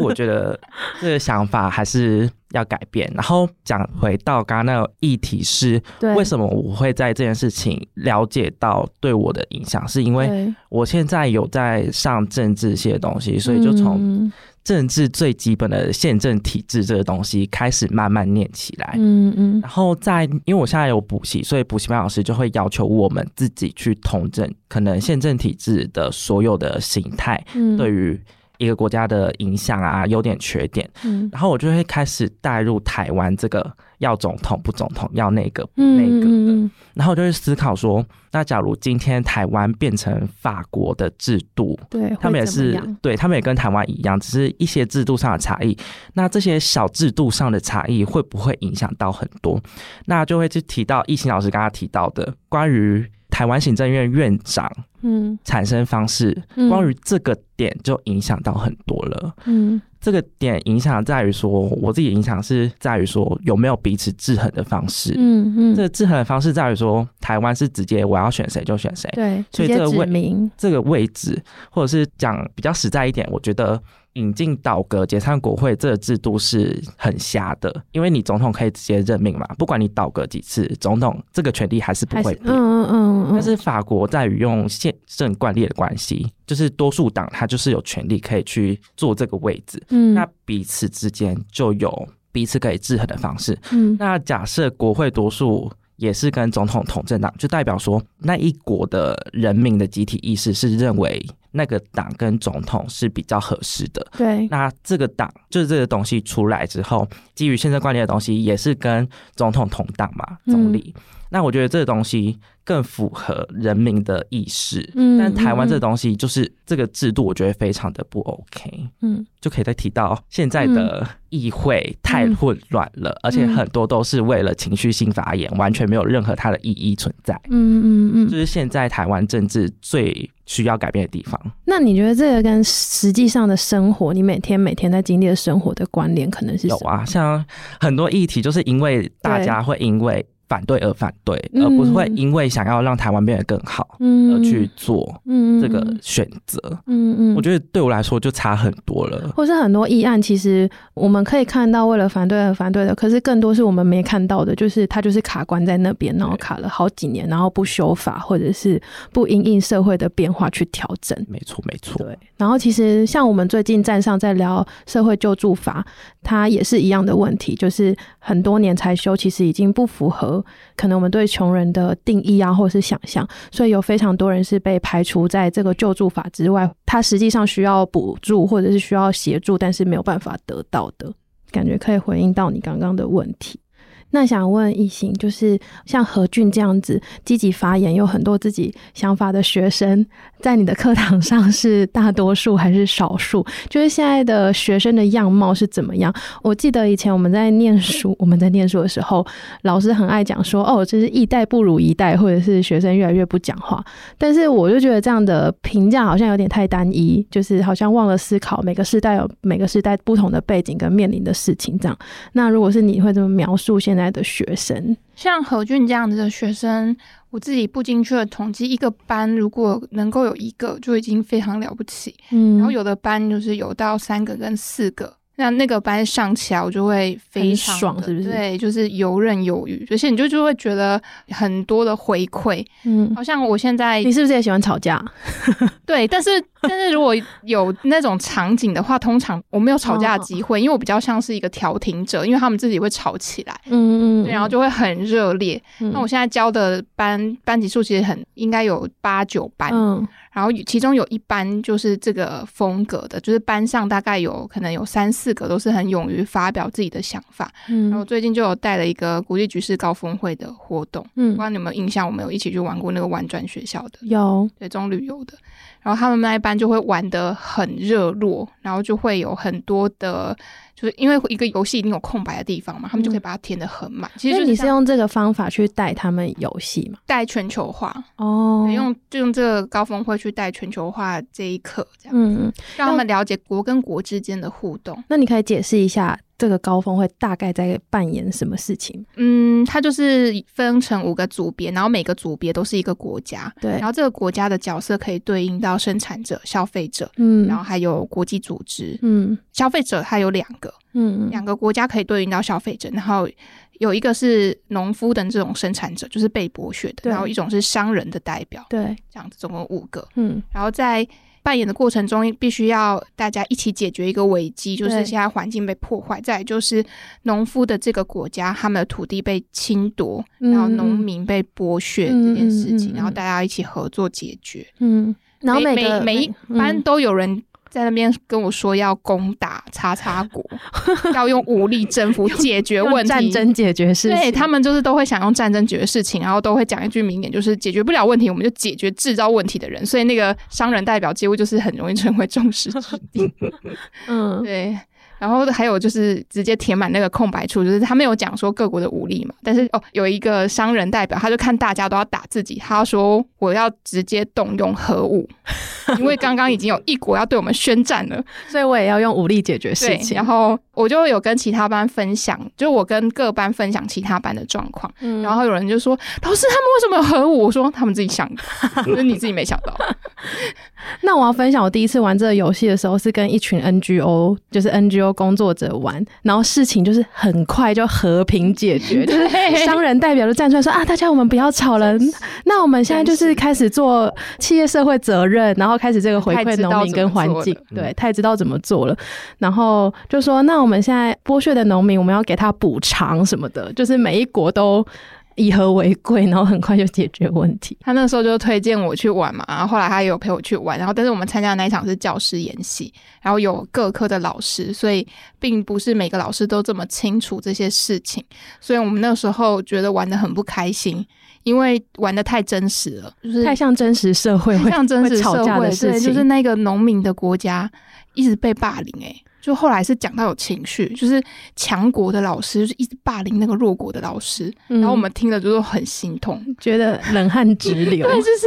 A: 我
B: 覺得這個想法還是。要改變，然後講回到剛剛那個議題，是為什麼我會在這件事情了解到對我的影響，是因為我現在有在上政治這些東西，所以就從政治最基本的憲政體制這個東西開始慢慢念起來。嗯嗯，然後在因為我現在有補習，所以補習班老師就會要求我們自己去統整可能憲政體制的所有的形態，對於。一個國家的影響啊，優點缺點，嗯、然後我就會開始帶入台灣這個要總統不總統，要那個不那個的，嗯嗯、然後我就會思考說，那假如今天台灣變成法國的制度，對他們也是，對他們也跟台灣一樣，只是一些制度上的差異。那這些小制度上的差異會不會影響到很多？那就會去提到億昕老師剛剛提到的關於。台灣行政院院長，嗯，產生方式，嗯嗯、關於這個點就影響到很多了，嗯，這個點影響在於說，我自己影響是在於說有沒有彼此制衡的方式，嗯嗯，嗯這個制衡的方式在於說台灣是直接我要選誰就選誰，對、嗯，嗯、所以這個位這個位置，或者是講比較實在一點，我覺得。引進倒閣、解散國會，這個制度是很瞎的，因為你總統可以直接任命嘛，不管你倒閣幾次，總統這個權力還是不會變。嗯嗯嗯。嗯嗯但是法國在於用憲政慣例的關係，就是多數黨他就是有權利可以去坐這個位置。嗯。那彼此之間就有彼此可以制衡的方式。嗯。那假設國會多數也是跟總統同政黨，就代表說那一國的人民的集體意識是認為。那個黨跟總統是比較合適的，對。那這個黨就是這個東西出來之後，基於現在觀念的東西也是跟總統同黨嘛，總理。嗯、那我覺得這個東西。更符合人民的意識，嗯、但台灣這個東西就是這個制度，我覺得非常的不 OK。嗯，就可以再提到現在的議會太混亂了，嗯、而且很多都是為了情緒性發言，嗯、完全沒有任何它的意義存在。嗯嗯嗯，嗯嗯就是現在臺灣政治最需要改變的地方。
A: 那你覺得這個跟實際上的生活，你每天每天在經歷的生活的關聯，可能是什麼？有啊！
B: 像很多議題，就是因為大家會因為。反對而反對，而不是會因為想要讓台灣變得更好，嗯，而去做嗯，嗯，這個選擇，嗯嗯，我覺得對我來說就差很多了。
A: 或是很多議案，其實我們可以看到，為了反對而反對的，可是更多是我們沒看到的，就是它就是卡關在那邊，然後卡了好幾年，然後不修法，或者是不因應社會的變化去調整。
B: 沒錯，沒錯。對。
A: 然後其實像我們最近站上在聊社會救助法，它也是一樣的問題，就是很多年才修，其實已經不符合。可能我們對窮人的定義啊，或者是想象，所以有非常多人是被排除在這個救助法之外，他實際上需要補助或者是需要協助，但是沒有辦法得到的感覺，可以回應到你剛剛的問題。那想問億昕，就是像和駿這樣子積極發言、有很多自己想法的學生，在你的課堂上是大多數還是少數？就是現在的學生的樣貌是怎麼樣？我記得以前我們在念書，我們在念書的時候，老師很愛講說：“哦，就是一代不如一代，或者是學生越來越不講話。”但是我就覺得這樣的評價好像有點太單一，就是好像忘了思考每個時代有每個時代不同的背景跟面臨的事情。這樣，那如果是你會這麼描述現在的學生，
C: 像和駿這樣子的學生，我自己不精確的統計，一個班如果能夠有一個，就已經非常了不起。嗯，然後有的班就是有到三個跟四個。那那個班上起來，我就會非常爽，是不是？對，就是游刃有餘，而且你就就會覺得很多的回饋。嗯，好像我現在你是不是也喜歡吵架？對，但是 但是如果有那種場景的話，通常我沒有吵架的機會，哦、因為我比較像是一個調停者，因為他們自己會吵起來。
D: 嗯，嗯，嗯，然後就
C: 會很熱烈。嗯、那我現在教的班班級數其實很應該有八九班。嗯。然後其中有一班就是這個風格的，就是班上大概有可能有三四個都是很勇於發表自己的想法。嗯，然後最近就有帶了一個國際局勢高峰會的活動，嗯，不知道你有沒有印象？我們有一起去玩過那個玩轉學校的，有對這種旅遊的。然後他們那一班就會玩得很熱絡，然後就會有很多的，就是因為一個遊戲一定有空白的地方嘛，嗯，他們就可以把它填得很滿。其實
A: 是你是用這個方法去帶他們遊戲嘛，
C: 帶全球化哦，用就用這個高峰會去帶全球化這一課，
A: 這
C: 樣，嗯，讓他們了解國跟國之間的互動。
A: 那你可以解釋一下。這個高峰會大概在扮演什麼事情？嗯，
C: 它就是分成五個組別，然後每個組別都是一個國家。對，然後這個國家的角色可以對應到生產者、消費者，嗯，然後還有國際組織，嗯，消費者它有兩個，
D: 嗯，兩
C: 個國家可以對應到消費者，然後有一個是農夫的這種生產者，就是被剝削的，對然後一種是商人的代表，對，這樣子總共五個，嗯，然後在。扮演的過程中，必須要大家一起解決一個危機，就是現在環境被破壞，對再就是農夫的這個國家，他們的土地被侵奪，嗯、然後農民被剝削這件事情，嗯嗯嗯然後大家一起合作解決。
D: 嗯，然後每、欸、每、每一
C: 班都有人、嗯。嗯在那邊跟我說要攻打叉叉國， 要用武力征服解決問題，戰爭解決事情。對，他們就是都會想用戰爭解決事情，然後都會講一句名言，就是解決不了問題，我們就解決制造問題的人。所以那個商人代表幾乎就是很容易成為眾矢之的。 嗯，對。然後還有就是直接填滿那個空白處，就是他們有講說各國的武力嘛，但是哦，有一個商人代表，他就看大家都要打自己，他說我要直接動用核武， 因為剛剛已經有一國要對我們宣戰了，所以我也要用武力解決事情，對，然後我就有跟其他班分享，就我跟各班分享其他班的狀況，嗯，然後有人就說老師，他，他們為什麼有核武？我說他們自己想的，就是你自己沒想到。 那我要
A: 分享我第一次玩這個遊戲的時候，是跟一群 NGO，就是 NGO。工作者玩，然後事情就是很快就和平解決。 對商人代表都站出來說：“啊，大家我們不要吵了，是那我們現在就是開始做企業社會責任，是然後開始這個回饋農民跟環境。對，他也知道怎麼做了。做了嗯、然後就說：那我們現在剝削的農民，我們要給他補償什麼的，就是每一國都。”以和為貴，然後很快就解決問題。
C: 他那時候就推薦我去玩嘛，然後後來他也有陪我去玩，然後但是我們參加的那一場是教師演習，然後有各科的老師，所以並不是每個老師都這麼清楚這些事情，所以我們那時候覺得玩的很不開心，因為玩的太真實了，就是太像真實社會，太像真實社會，會吵架的事情，對，就是那個農民的國家一直被霸凌誒、欸就後來是講到有情緒，就是強國的老師就是一直霸凌那個弱國的老師，嗯、然後我們聽了就是很心痛，覺得冷汗直流。 對，就是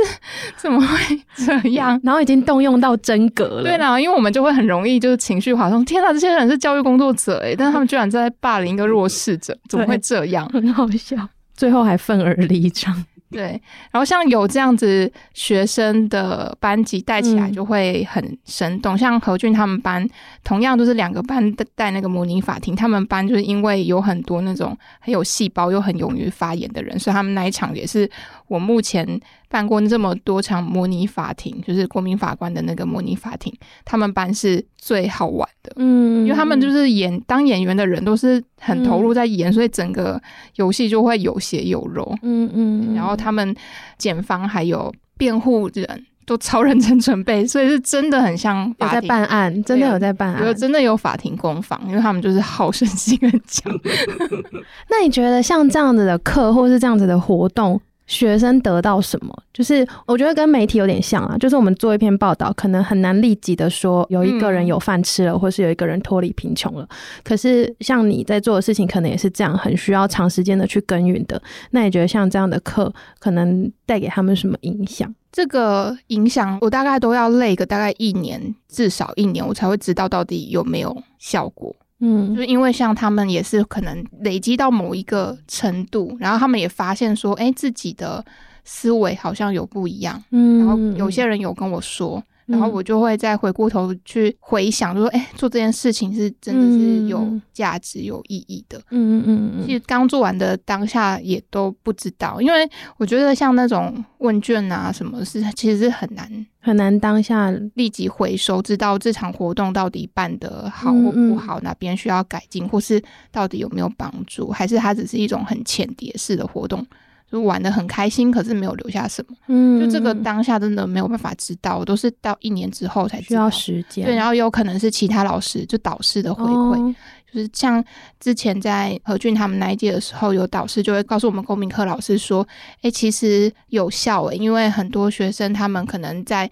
C: 怎麼會這樣？然後已經動用到真格了。對，然後因為我們就會很容易就是情緒化，說天哪，這些人是教育工作者誒，但是他們居然在霸凌一個弱勢者，怎麼會這樣？很好笑，最後還憤而離場。對，然後像有這樣子學生的班級帶起來就會很生動，嗯、像和駿他們班，同樣都是兩個班的帶那個模擬法庭，他們班就是因為有很多那種很有細胞又很勇於發言的人，所以他們那一場也是。我目前辦過這麼多場模擬法庭，就是國民法官的那個模擬法庭，他們班是最好玩的，
D: 嗯，因為他們就
C: 是演、嗯、當演員的人都是很投入在演，嗯、所以整個遊戲就會有血有肉，嗯嗯，然後他們檢方還有辯護人都超認真準備，所以是真的很像法庭有在辦案，真的有在辦案，啊、真的有法庭攻防，因為他們就是好勝心很強。 那你覺得像這樣子的課或是這樣子
A: 的活動，學生得到什麼？就是我覺得跟媒體有點像啊，就是我們做一篇報道，可能很難立即的說有一個人有飯吃了，嗯。或是有一個人脫離貧窮了。可是像你在做的事情，可能也是這樣，很需要長時間的去耕耘的。那你覺得像這樣的課，可能帶給他們什麼影響？
C: 這個影響，我大概都要累個大概一年，至少一年，我才會知道到底有沒有效果。嗯，就是因為像他們也是可能累積到某一個程度，然後他們也發現說，欸，自己的思維好像有不一樣。
D: 嗯，然後有
C: 些人有跟我說。然後我就會再回過頭去回想，就說，哎、嗯欸，做這件事情是真的是有價值、嗯、有意義的。嗯嗯嗯，其實剛做完的當下也都不知道，因為我覺得像那種問卷啊，什麼事其實是很難很難當下立即回收，知道這場活動到底辦得好或不好，嗯嗯、哪邊需要改進，或是到底有沒有幫助，還是它只是一種很淺碟式的活動。就玩的很開心，可是沒有留下什麼。嗯，就這個當下真的沒有辦法知道，都是到一年之後才知道時間。對，然後有可能是其他老師就導師的回饋，哦、就是像之前在和駿他們那一屆的時候，有導師就會告訴我們公民課老師說：“哎、欸，其實有效誒、欸，因為很多學生他們可能在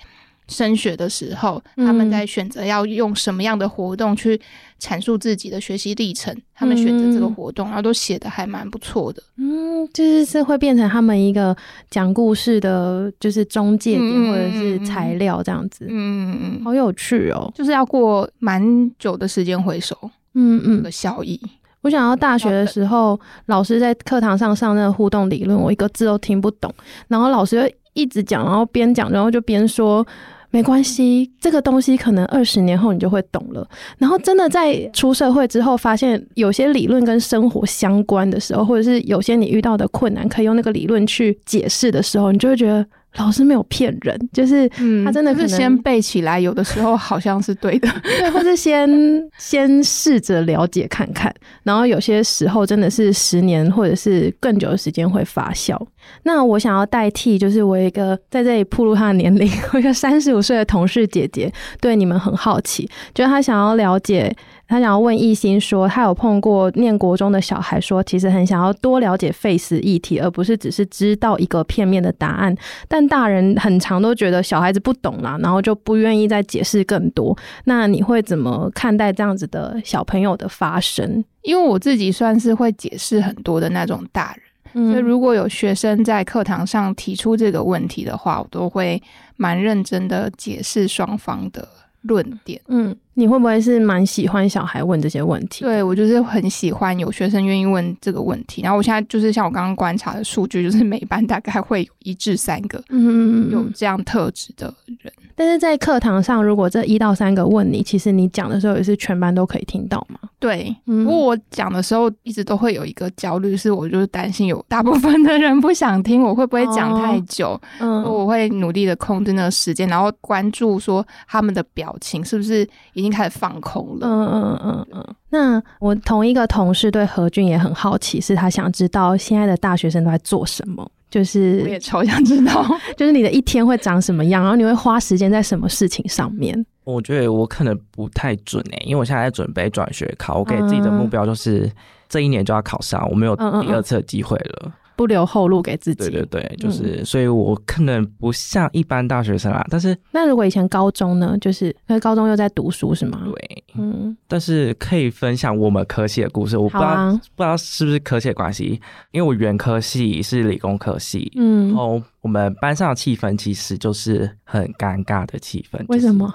C: 升學的時候，嗯、他們在選擇要用什麼樣的活動去。”闡述自己的學習歷程，他們選擇這個活動，嗯、然後都寫得還蠻不錯的。嗯，
A: 就是是會變成他們一個講故事的，就是中介點、嗯、或者是材料這樣子。嗯嗯好有趣哦！就
C: 是要過蠻
A: 久的時間回收、嗯。嗯嗯。的效益，我想到大學的時候，等老師在課堂上上那個互動理論，我一個字都聽不懂，然後老師就一直講，然後邊講然後就邊說。沒關係，這個東西可能二十年後你就會懂了。然後，真的在出社會之後，發現有些理論跟生活相關的時候，或者是有些你遇到的困難，可以用那個理論去解釋的時候，你就會覺得。老師沒有騙人，就是他真的、嗯、他是先背起來， 有的時候好像是對的，對，他是先 先試着了解看看，然後有些時候真的是十年或者是更久的時間會發酵。那我想要代替，就是我一個在這裡暴露他的年齡，我一個三十五歲的同事姐姐，對你們很好奇，覺得他想要了解。他想要問藝興說，他有碰過念國中的小孩說，說其實很想要多了解費 a 議題，而不是只是知道一個片面的答案。但大人很常都覺得小孩子不懂啦，啊，然後就不願意再解釋更多。那你會怎麼看待這樣子的小朋友的發生？
C: 因為我自己算是會解釋很多的那種大人，嗯，所以如果有學生在課堂上提出這個問題的話，我都會蠻認真的解釋雙方的論點。嗯。你會不會是蠻喜歡小孩問這些問題？對，我就是很喜歡有學生願意問這個問題。然後我現在就是像我剛剛觀察的數據，就是每班大概會有一至三個，嗯，有這樣特質的人、嗯。但是在課堂
A: 上，如果這一到三個問你，其實你講的時候也是全班都可以聽到嗎？
C: 對。不過、嗯、我講的時候，一直都會有一個焦慮，是我就是擔心有大部分的人不想聽，我會不會講太久？哦、嗯，我會努力的控制那個時間，然後關注說他們的表情是不是一。已經開始放空了。嗯嗯嗯嗯。嗯嗯對那我同一
A: 個同事對和駿也很好奇，是他想知道現在的大學生都在做什麼。就是我也超想知道， 就是你的一天會長什麼樣， 然後你會花時間在什麼事情上面？
B: 我覺得我可能不太準哎、欸，因為我現在，在準備轉學考，我給自己的目標就是這一年就要考上，我沒有第二次機會了。嗯嗯嗯
A: 不留後路給自己。對
B: 對對，就是，嗯、所以我可能不像一般大學生啦。但是，
A: 那如果以前高中呢？就是，因為高中又在讀書，是嗎？對，嗯。
B: 但是可以分享我們科系的故事，我不知道、啊、不知道是不是科系的關係，因為我原科系是理工科系，嗯，然後我們班上的氣氛其實就是很尷尬的氣氛，就是、為什麼？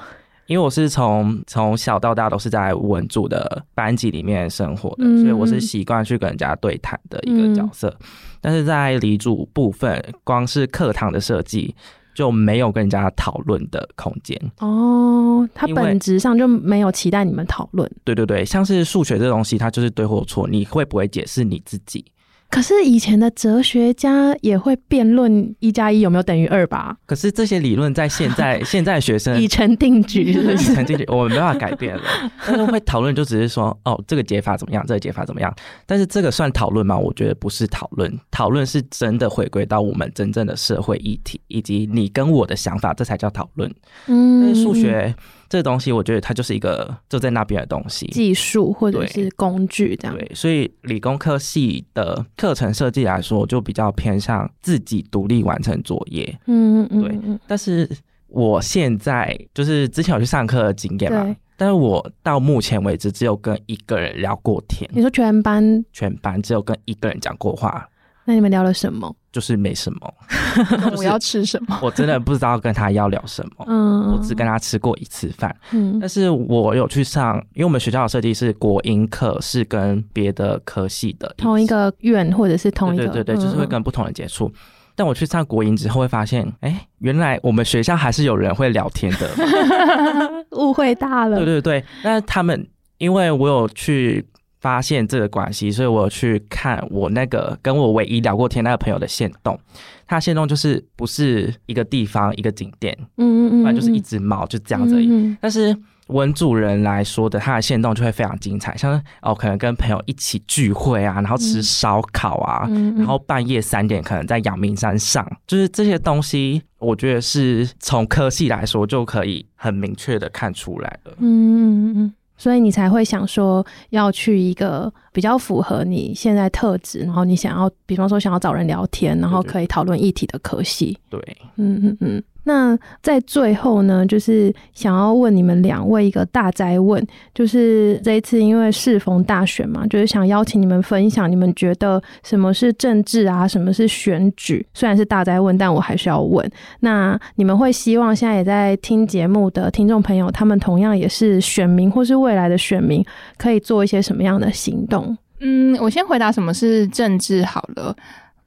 B: 因為我是從從小到大都是在文組的班級裡面生活的，嗯、所以我是習慣去跟人家對談的一個角色。嗯、但是在理組部分，光是課堂的設計就沒有跟人家討論的空間。
A: 哦，它本質上就沒有期待你們討論。
B: 對對對，像是數學這東西，它就是對或錯，你會不會解釋你自己？
A: 可是以前的哲學家也會辯論一加一有沒有等於二吧？
B: 可是這些理論在現在 現在學生已 成定局是不是，已 成定局，我們沒辦法改變了。他們會討論就只是說哦，這個解法怎麼樣？這個解法怎麼樣？但是這個算討論嗎？我覺得不是討論，討論是真的回歸到我們真正的社會議題，以及你跟我的想法，這才叫討論。
D: 嗯，數學。
B: 這東西我覺得它就是一個就在那邊的東西，技
A: 術或者是工具
B: 這樣對。對，所以理工科系的課程設計來說，就比較偏向自己獨立完成作業。嗯，嗯
D: 嗯嗯，對。
B: 但是我現在就是之前我去上課的經驗嘛，對但是我到目前為止只有跟一個人聊過天。你
A: 說全班？
B: 全班只有跟一個人講過話？
A: 那你們聊了什麼？
B: 就是沒什麼，
A: 我要吃什麼？
D: 我
B: 真的不知道跟他要聊什麼。嗯，我只跟他吃過一次飯。
A: 嗯，
D: 但
B: 是我有去上，因為我們學校的設計是國英課，是跟別的科系的同
A: 一個院或者是同一個。對對對，對，就是會跟
B: 不同人接觸。但我去上國英之後，會發現，哎，原來我們學校還是有人會聊天的。
A: 誤會大了。對
B: 對對，對，那他們因為我有去。發現這個關係，所以我去看我那個跟我唯一聊過天那個朋友的限動，他的限動就是不是一個地方一個景點，嗯嗯嗯，就是一隻貓就這樣子。嗯嗯，但是文組人來說的，他的限動就會非常精彩，像是哦，可能跟朋友一起聚會啊，然後吃燒烤啊，嗯嗯嗯，然後半夜三點可能在陽明山上，就是這些東西，我覺得是從科系來說就可以很明確的看出來了。
A: 嗯嗯嗯。所以你才會想說要去一個比較符合你現在特質，然後你想要，比方說想要找人聊天，然後可以討論議題的科系。對，嗯嗯嗯。那在最後呢，就是想要問你們兩位一個大哉問，就是這一次因為適逢大選嘛，就是想邀請你們分享，你們覺得什麼是政治啊，什麼是選舉？雖然是大哉問，但我還是要問。那你們會希望現在也在聽節目的聽眾朋友，他們同樣也是選民或是未來的選民，可以做一些什麼樣的行動？
C: 嗯，我先回答什麼是政治好了。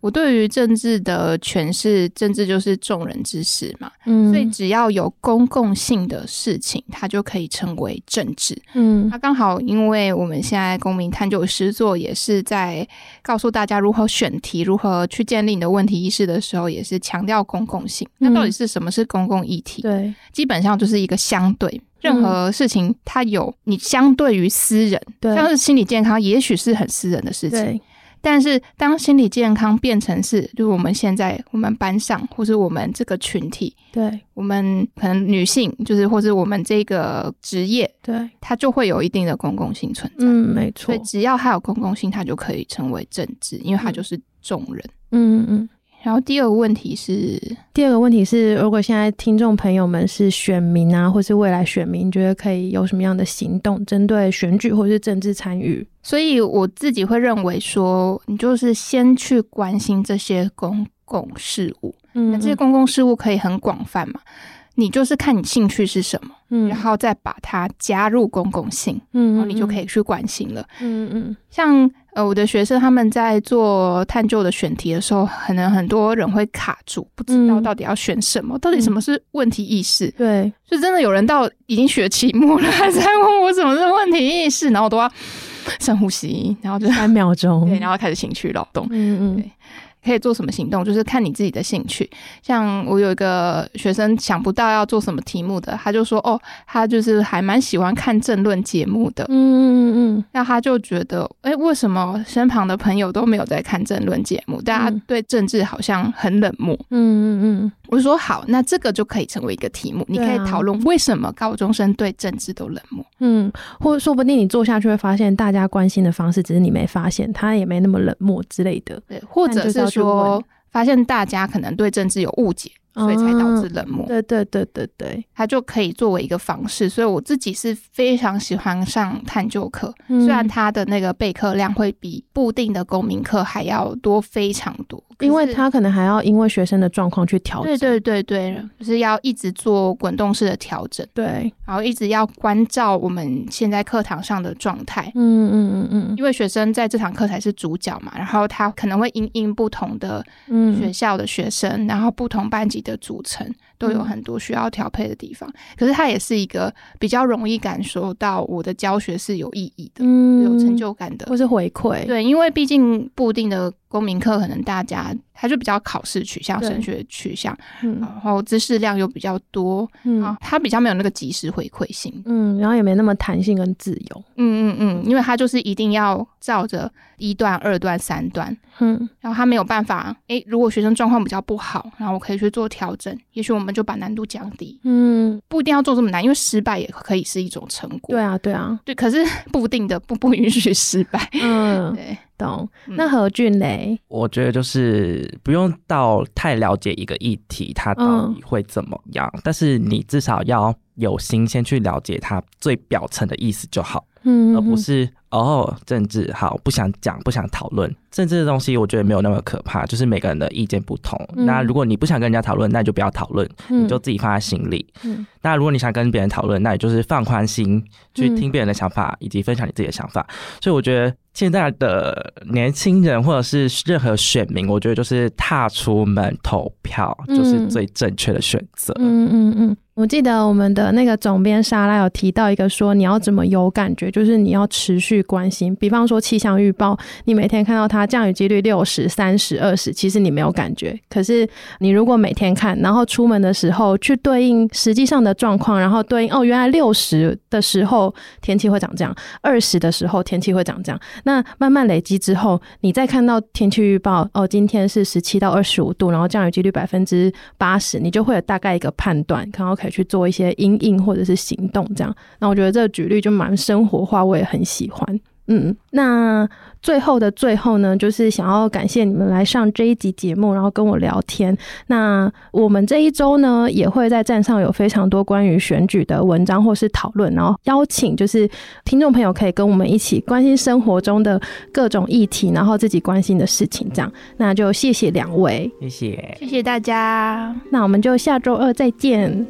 C: 我對於政治的詮釋，政治就是眾人之事嘛，嗯、所以只要有公共性的事情，它就可以稱為政治。嗯，那剛、啊、好，因為我們現在公民探究實作也是在告訴大家如何選題，如何去建立你的問題意識的時候，也是強調公共性。嗯、那到底是什麼是公共議題？對，基本上就是一個相對，任何事情它有你相對於私人，嗯、對像是心理健康，也許是很私人的事情。但是，當心理健康變成是，就是我們現在我們班上，或是我們這個群體，對，我們可能女性，就是或是我們這個職業，對，它就會有一定的公共性存在。嗯，沒錯。所以，只要它有公共性，它就可以成為政治，因為它就是眾人。嗯嗯。嗯嗯然後第二個問題是，
A: 第二個問題是，如果現在聽眾朋友們是選民啊，或是未來選民，覺得可以有什麼樣的行動針對選舉或是政治參與？
C: 所以我自己會認為說，你就是先去關心這些公共事務，
D: 嗯，那這些公
C: 共事務可以很廣泛嘛，你就是看你興趣是什麼，嗯，然後再把它加入公共性，嗯，嗯，然後你就可以去關心了，嗯嗯，像。呃，我的學生他們在做探究的選題的時候，可能很多人會卡住，不知道到底要選什麼，嗯、到底什麼是問題意識。嗯、對，就真的有人到已經學期末了，還在問我什麼是問題意識， 然後我都要深呼吸，然後就三秒鐘，對，然後開始情緒勞動。嗯嗯。可以做什麼行動，就是看你自己的興趣。像我有一個學生，想不到要做什麼題目的，他就說：“哦，他就是還蠻喜歡看政論節目的。”嗯嗯嗯嗯，那他就覺得：“哎、欸，為什麼身旁的朋友都沒有在看政論節目？大家對政治好像很冷漠。”嗯，嗯嗯嗯。我說好，那這個就可以成為一個題目，啊、你可以討論為什麼高中生對政治都冷漠。嗯，或者說不定你做下去會發現，大家關心的方式
A: 只是你沒發現，他也沒那麼冷漠之類的。對，或者是說，
C: 發現大家可能對政治有誤解，啊、所以才導致冷漠。對對對對對，它就可以作為一個方式。所以我自己是非常喜歡上探究課，嗯、雖然他的那個備課量會比固定的公民課還要多非常多。
A: 因為他可能還要因為學生的狀況去調整，
C: 對對對對，就是要一直做滾動式的調整，對，然後一直要關照我們現在課堂上的狀態，嗯嗯
A: 嗯嗯，嗯
D: 嗯
C: 因為學生在這堂課才是主角嘛，然後他可能會因應不同的學校的、學生，嗯、然後不同班級的組成，都有很多需要調配的地方。嗯、可是他也是一個比較容易感受到我的教學是有意義
D: 的，嗯、有成就
C: 感的，或是回饋，對，因為畢竟固定的。公民課可能大家他就比較考試取向、對升學取向，嗯、然後知識量又比較多，嗯，他比較沒有那個及時回饋性，
A: 嗯，然後也沒那麼彈性跟自由，嗯
C: 嗯嗯，因為他就是一定要照着一段、二段、三段，嗯，然後他沒有辦法，哎，如果學生狀況比較不好，然後我可以去做調整，也許我們就把難度降低，嗯，不一定要做這麼難，因為失敗也可以是一種成果，對啊，對啊，對，可是不一定的不不允許失敗，嗯，對。懂，那和駿嘞？嗯，
B: 我覺得就是不用到太了解一個議題，他到底會怎麼樣。嗯、但是你至少要有心，先去了解他最表層的意思就好，嗯嗯、而不是哦政治好不想講，不想討論。政治的東西我覺得沒有那麼可怕，就是每個人的意見不同。嗯、那如果你不想跟人家討論，那你就不要討論，你就自己放在心裡。嗯嗯、那如果你想跟別人討論，那也就是放寬心、嗯、去聽別人的想法，以及分享你自己的想法。所以我覺得。現在的年輕人或者是任何選民，我覺得就是踏出門投票，就是最正確的選擇。嗯。嗯，
A: 嗯，嗯我記得我們的那個總編莎拉有提到一個說，你要怎麼有感覺，就是你要持續關心。比方說氣象預報，你每天看到它降雨幾率六十、三十、二十，其實你沒有感覺。可是你如果每天看，然後出門的時候去對應實際上的狀況，然後對應哦，原來六十的時候天氣會長這樣，二十的時候天氣會長這樣。那慢慢累積之後，你再看到天氣預報，哦，今天是十七到二十五度，然後降雨幾率百分之八十，你就會有大概一個判斷。剛好可以。去做一些因應，或者是行動，這樣，那我覺得這個舉例就蠻生活化，我也很喜歡。嗯，那最後的最後呢，就是想要感謝你們來上這一集節目，然後跟我聊天。那我們這一周呢，也會在站上有非常多關於選舉的文章或是討論，然後邀請就是聽眾朋友可以跟我們一起關心生活中的各種議題，然後自己關心的事情。這樣，嗯，那就謝謝兩位，
B: 謝謝，謝
A: 謝大家。那我們就下周二再見。